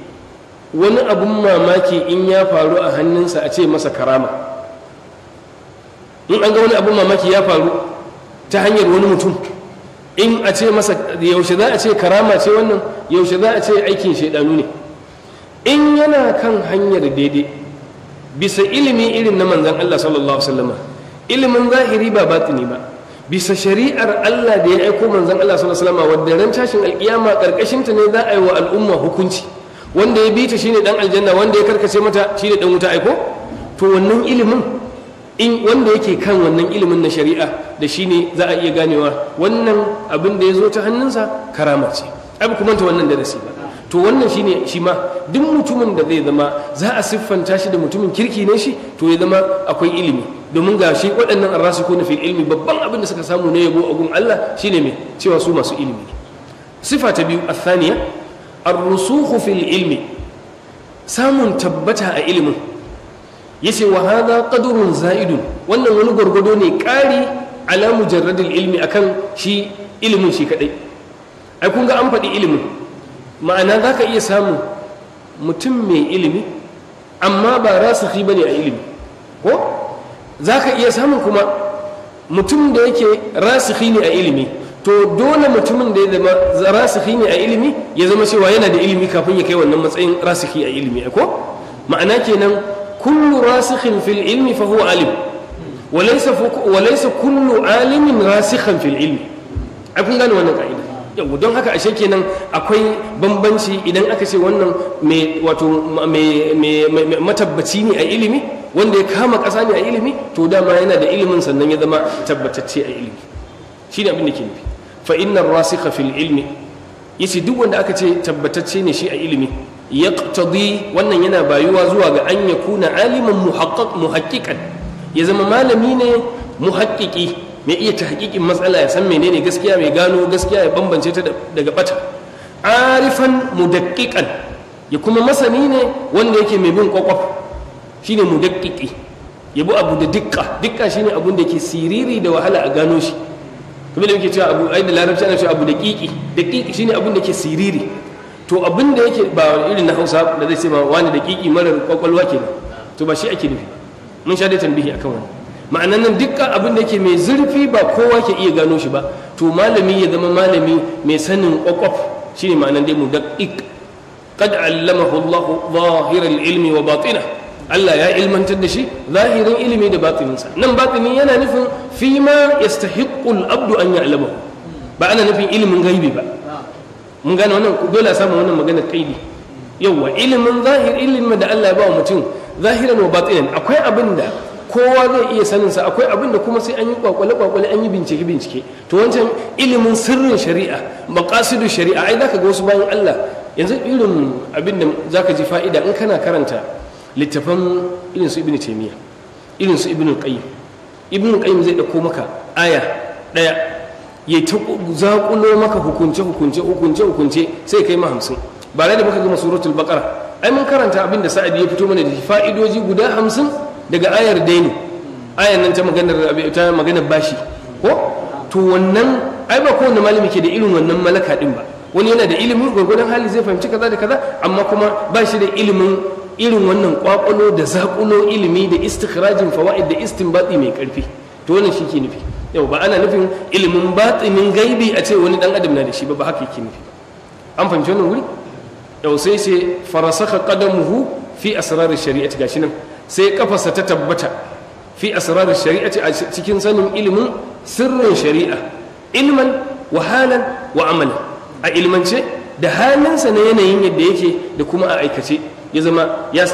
wani abun mamaki in ya faru a hannunsa a ce masa karama in an ga wani abun mamaki ya faru ta hanyar wani mutum in a ce masa yaushe za a ce karama ce wannan yaushe za a ce aikin shaidanu ne in yana kan hanyar daidai bisa ilimi irin na manzan Allah sallallahu alaihi ilimin zahiri ba batini ba bisa shari'ar Allah da ya aiko manzan Allah sallallahu alaihi wadda ran tashin alkiyama karkashinta ne za a yi wa al'umma hukunci wanda ya bi ta shine dan aljanna wanda ya karkace mata shine dan wuta aiko to wannan ilimin in wanda yake kan wannan ilimin na shari'a da shine za a iya ganewa wannan abin da ya zo ta hannunsa karama ce abu kuma ta wannan darasi ba to wannan shine shi ma duk mutumin da zai zama za a siffanta shi da mutumin kirki ne shi to ya zama akwai ilimi domin ga shi waɗannan arrasikuna fil ilmi babban abin da suka samu na yabo a gun Allah shine me cewa su masu ilimi sifa ta biyu a athaniya ar-rusukhu fil ilmi samun tabbata a ilimin yace wa hadha qadrun za'idun wannan wani gwargwado ne ƙari ala ilimi a akan shi ilimin shi kadai ai kun ga an faɗi ilimin ma'ana zaka iya samu mutum mai ilimi amma ba rasikhi ne a ilimi ko ka iya samun kuma mutum da yake rasikhi ne a ilimi to dole mutumin da ya zama ne a ilimi ya zama cewa yana da ilimi kafin ya kai wannan matsayin rasihi a ilimi ko ma'ana kenan kullu rasikhin fil ilmi fa huwa alim wa laysa kullu alimin rasikhan fil ilmi a kun gane wannan ka'ida yau don haka ashe kenan akwai bambanci idan aka ce wannan mai wato mai matabbaci ne a ilimi wanda ya kama ƙasa ne a ilimi to dama yana da ilimin sannan ya zama tabbatacce a ilimi shi ne abin da ke nufi fa innar rasikha fil ilmi yace duk wanda aka ce tabbatacce ne shi a ilimi yaqtadi wannan yana bayuwa zuwa ga an yakuna aliman muhaqqiq muhaqqiqan ya zama malami ne muhaqqiqi mai iya tahqiqin matsala ya san menene gaskiya mai gano gaskiya ya bambance ta daga bata arifan mudaqqiqan ya kuma masani ne wanda yake mai bin kwakwaf shine mudaqqiqi yabo abu da dukka dukka shine abun da ke siriri da wahala a gano shi kuma da muke cewa abu ai da larabci ana cewa abu da kiki da kiki shine abin da ke siriri to abin da yake ba irin na hausa da zai ce ba wani da kiki marar kwakwalwa ke to ba shi ake nufi mun sha dai tambihi akan wani ma'anan nan dukkan abin da yake mai zurfi ba kowa ke iya gano shi ba to malami ya zama malami mai sanin kwakwaf shine ma'anan dai mu da ik qad allamahu Allah zahira al-ilmi wa batinah Allah ya ilmantar da shi zahirin ilimi da batininsa nan batinin yana nufin fi ma yastahiqqul abdu an ya'lamu ba ana nufin ilimin gaibi ba mun gane wannan dole a samu wannan magana kaidi yawa ilimin zahir ilimin da Allah ya ba wa mutum zahiran wa batinin akwai abin da kowa zai iya sanin sa akwai abin da kuma sai an yi kwakwale kwakwale an yi bincike bincike to wancan ilimin sirrin shari'a maqasidu shari'a ai zaka ga wasu bayan Allah yanzu irin abin da zaka ji fa'ida in kana karanta littafan irin su ibn taimiyya irin su ibn qayyim ibn qayyim zai dauko maka aya daya ya ta zaƙulo maka hukunce hukunce hukunce hukunce sai kai ma hamsin ba da muka gama suratul baqara ai mun karanta abin da sa'adi ya fito mana da fa'idoji guda hamsin daga ayar daini ayar nan ta maganar ta maganar bashi ko to wannan ai ba kowanne malami ke da irin wannan malaka din ba wani yana da ilimin gwargwadon hali zai fahimci kaza da kaza amma kuma ba shi da ilimin irin wannan kwakwalo da zakulo ilimi da istikharajin fawaid da batsi mai karfi to wannan shi ke nufi yau ba ana nufin ilimin batinin gaibi a ce wani dan adam na da shi ba ba haka yake nufi an fahimci wannan wuri yau sai ce farasaka qadamuhu fi asrar shari'ati gashi nan sai kafarsa ta tabbata fi asrar shari'ati a cikin sanin ilimin sirrin shari'a ilman wa halan wa amalan a ilmance da halinsa na yanayin yadda yake da kuma a aikace ya zama ya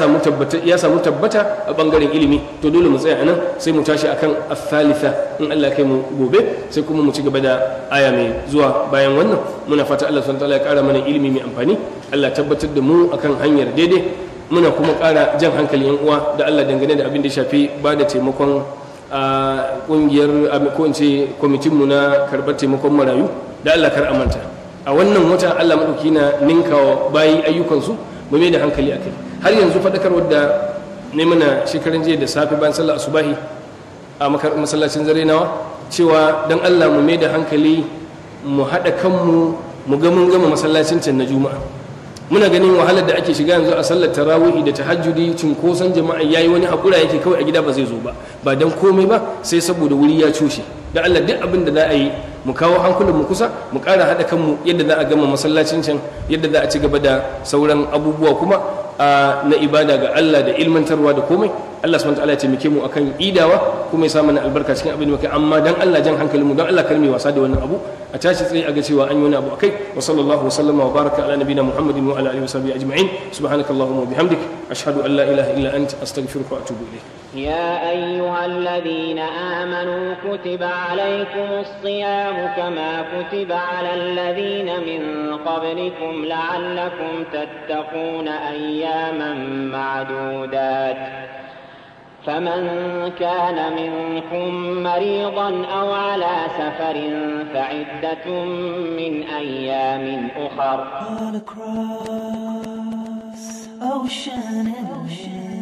samu tabbata a bangaren ilimi to dole mu tsaya nan sai mu tashi akan asalisa in Allah kai mu gobe sai kuma mu ci gaba da aya mai zuwa bayan wannan muna fata Allah subhanahu wataala ya kara mana ilimi mai amfani Allah tabbatar da mu akan hanyar daidai muna kuma kara jan hankali yan uwa da Allah dangane da abin da shafi ba da taimakon a kungiyar ko in ce kwamitin mu na karɓar taimakon marayu da Allah kar amanta a wannan wata Allah madauki na ninkawa bayi ayyukansu su mu mai da hankali a kai har yanzu faɗakarwar da ne mana shekaran jiya da safe bayan sallah asubahi a masallacin zare nawa cewa don allah mu mai da hankali mu haɗa kanmu mu ga mun gama masallacin can na juma'a muna ganin wahalar da ake shiga yanzu a sallar tarawihi da tahajjudi cinkoson jama'a ya yi wani hakura yake kawai a gida ba zai zo ba ba dan komai ba sai saboda wuri ya cushe da allah duk abin da za a yi mu kawo hankulan mu kusa mu ƙara haɗa kanmu yadda za a gama masallacin can yadda za a ci gaba da sauran abubuwa kuma na ibada ga Allah da ilmantarwa da komai Allah subhanahu ta'ala ya taimake mu akan idawa kuma ya sa mana albarka cikin abin da muke amma dan Allah jan hankalin mu dan Allah kar wasa da wannan abu a tashi tsaye a ga cewa an yi wani abu akai wa sallallahu wa sallama wa baraka ala nabina muhammadin wa ala alihi wa sahbihi ajma'in subhanakallahumma wa bihamdik ashhadu an la ilaha illa anta astaghfiruka wa atubu ilayk يا أيها الذين آمنوا كتب عليكم الصيام كما كتب على الذين من قبلكم لعلكم تتقون أياما معدودات فمن كان منكم مريضا أو على سفر فعدة من أيام أخر All across ocean and ocean.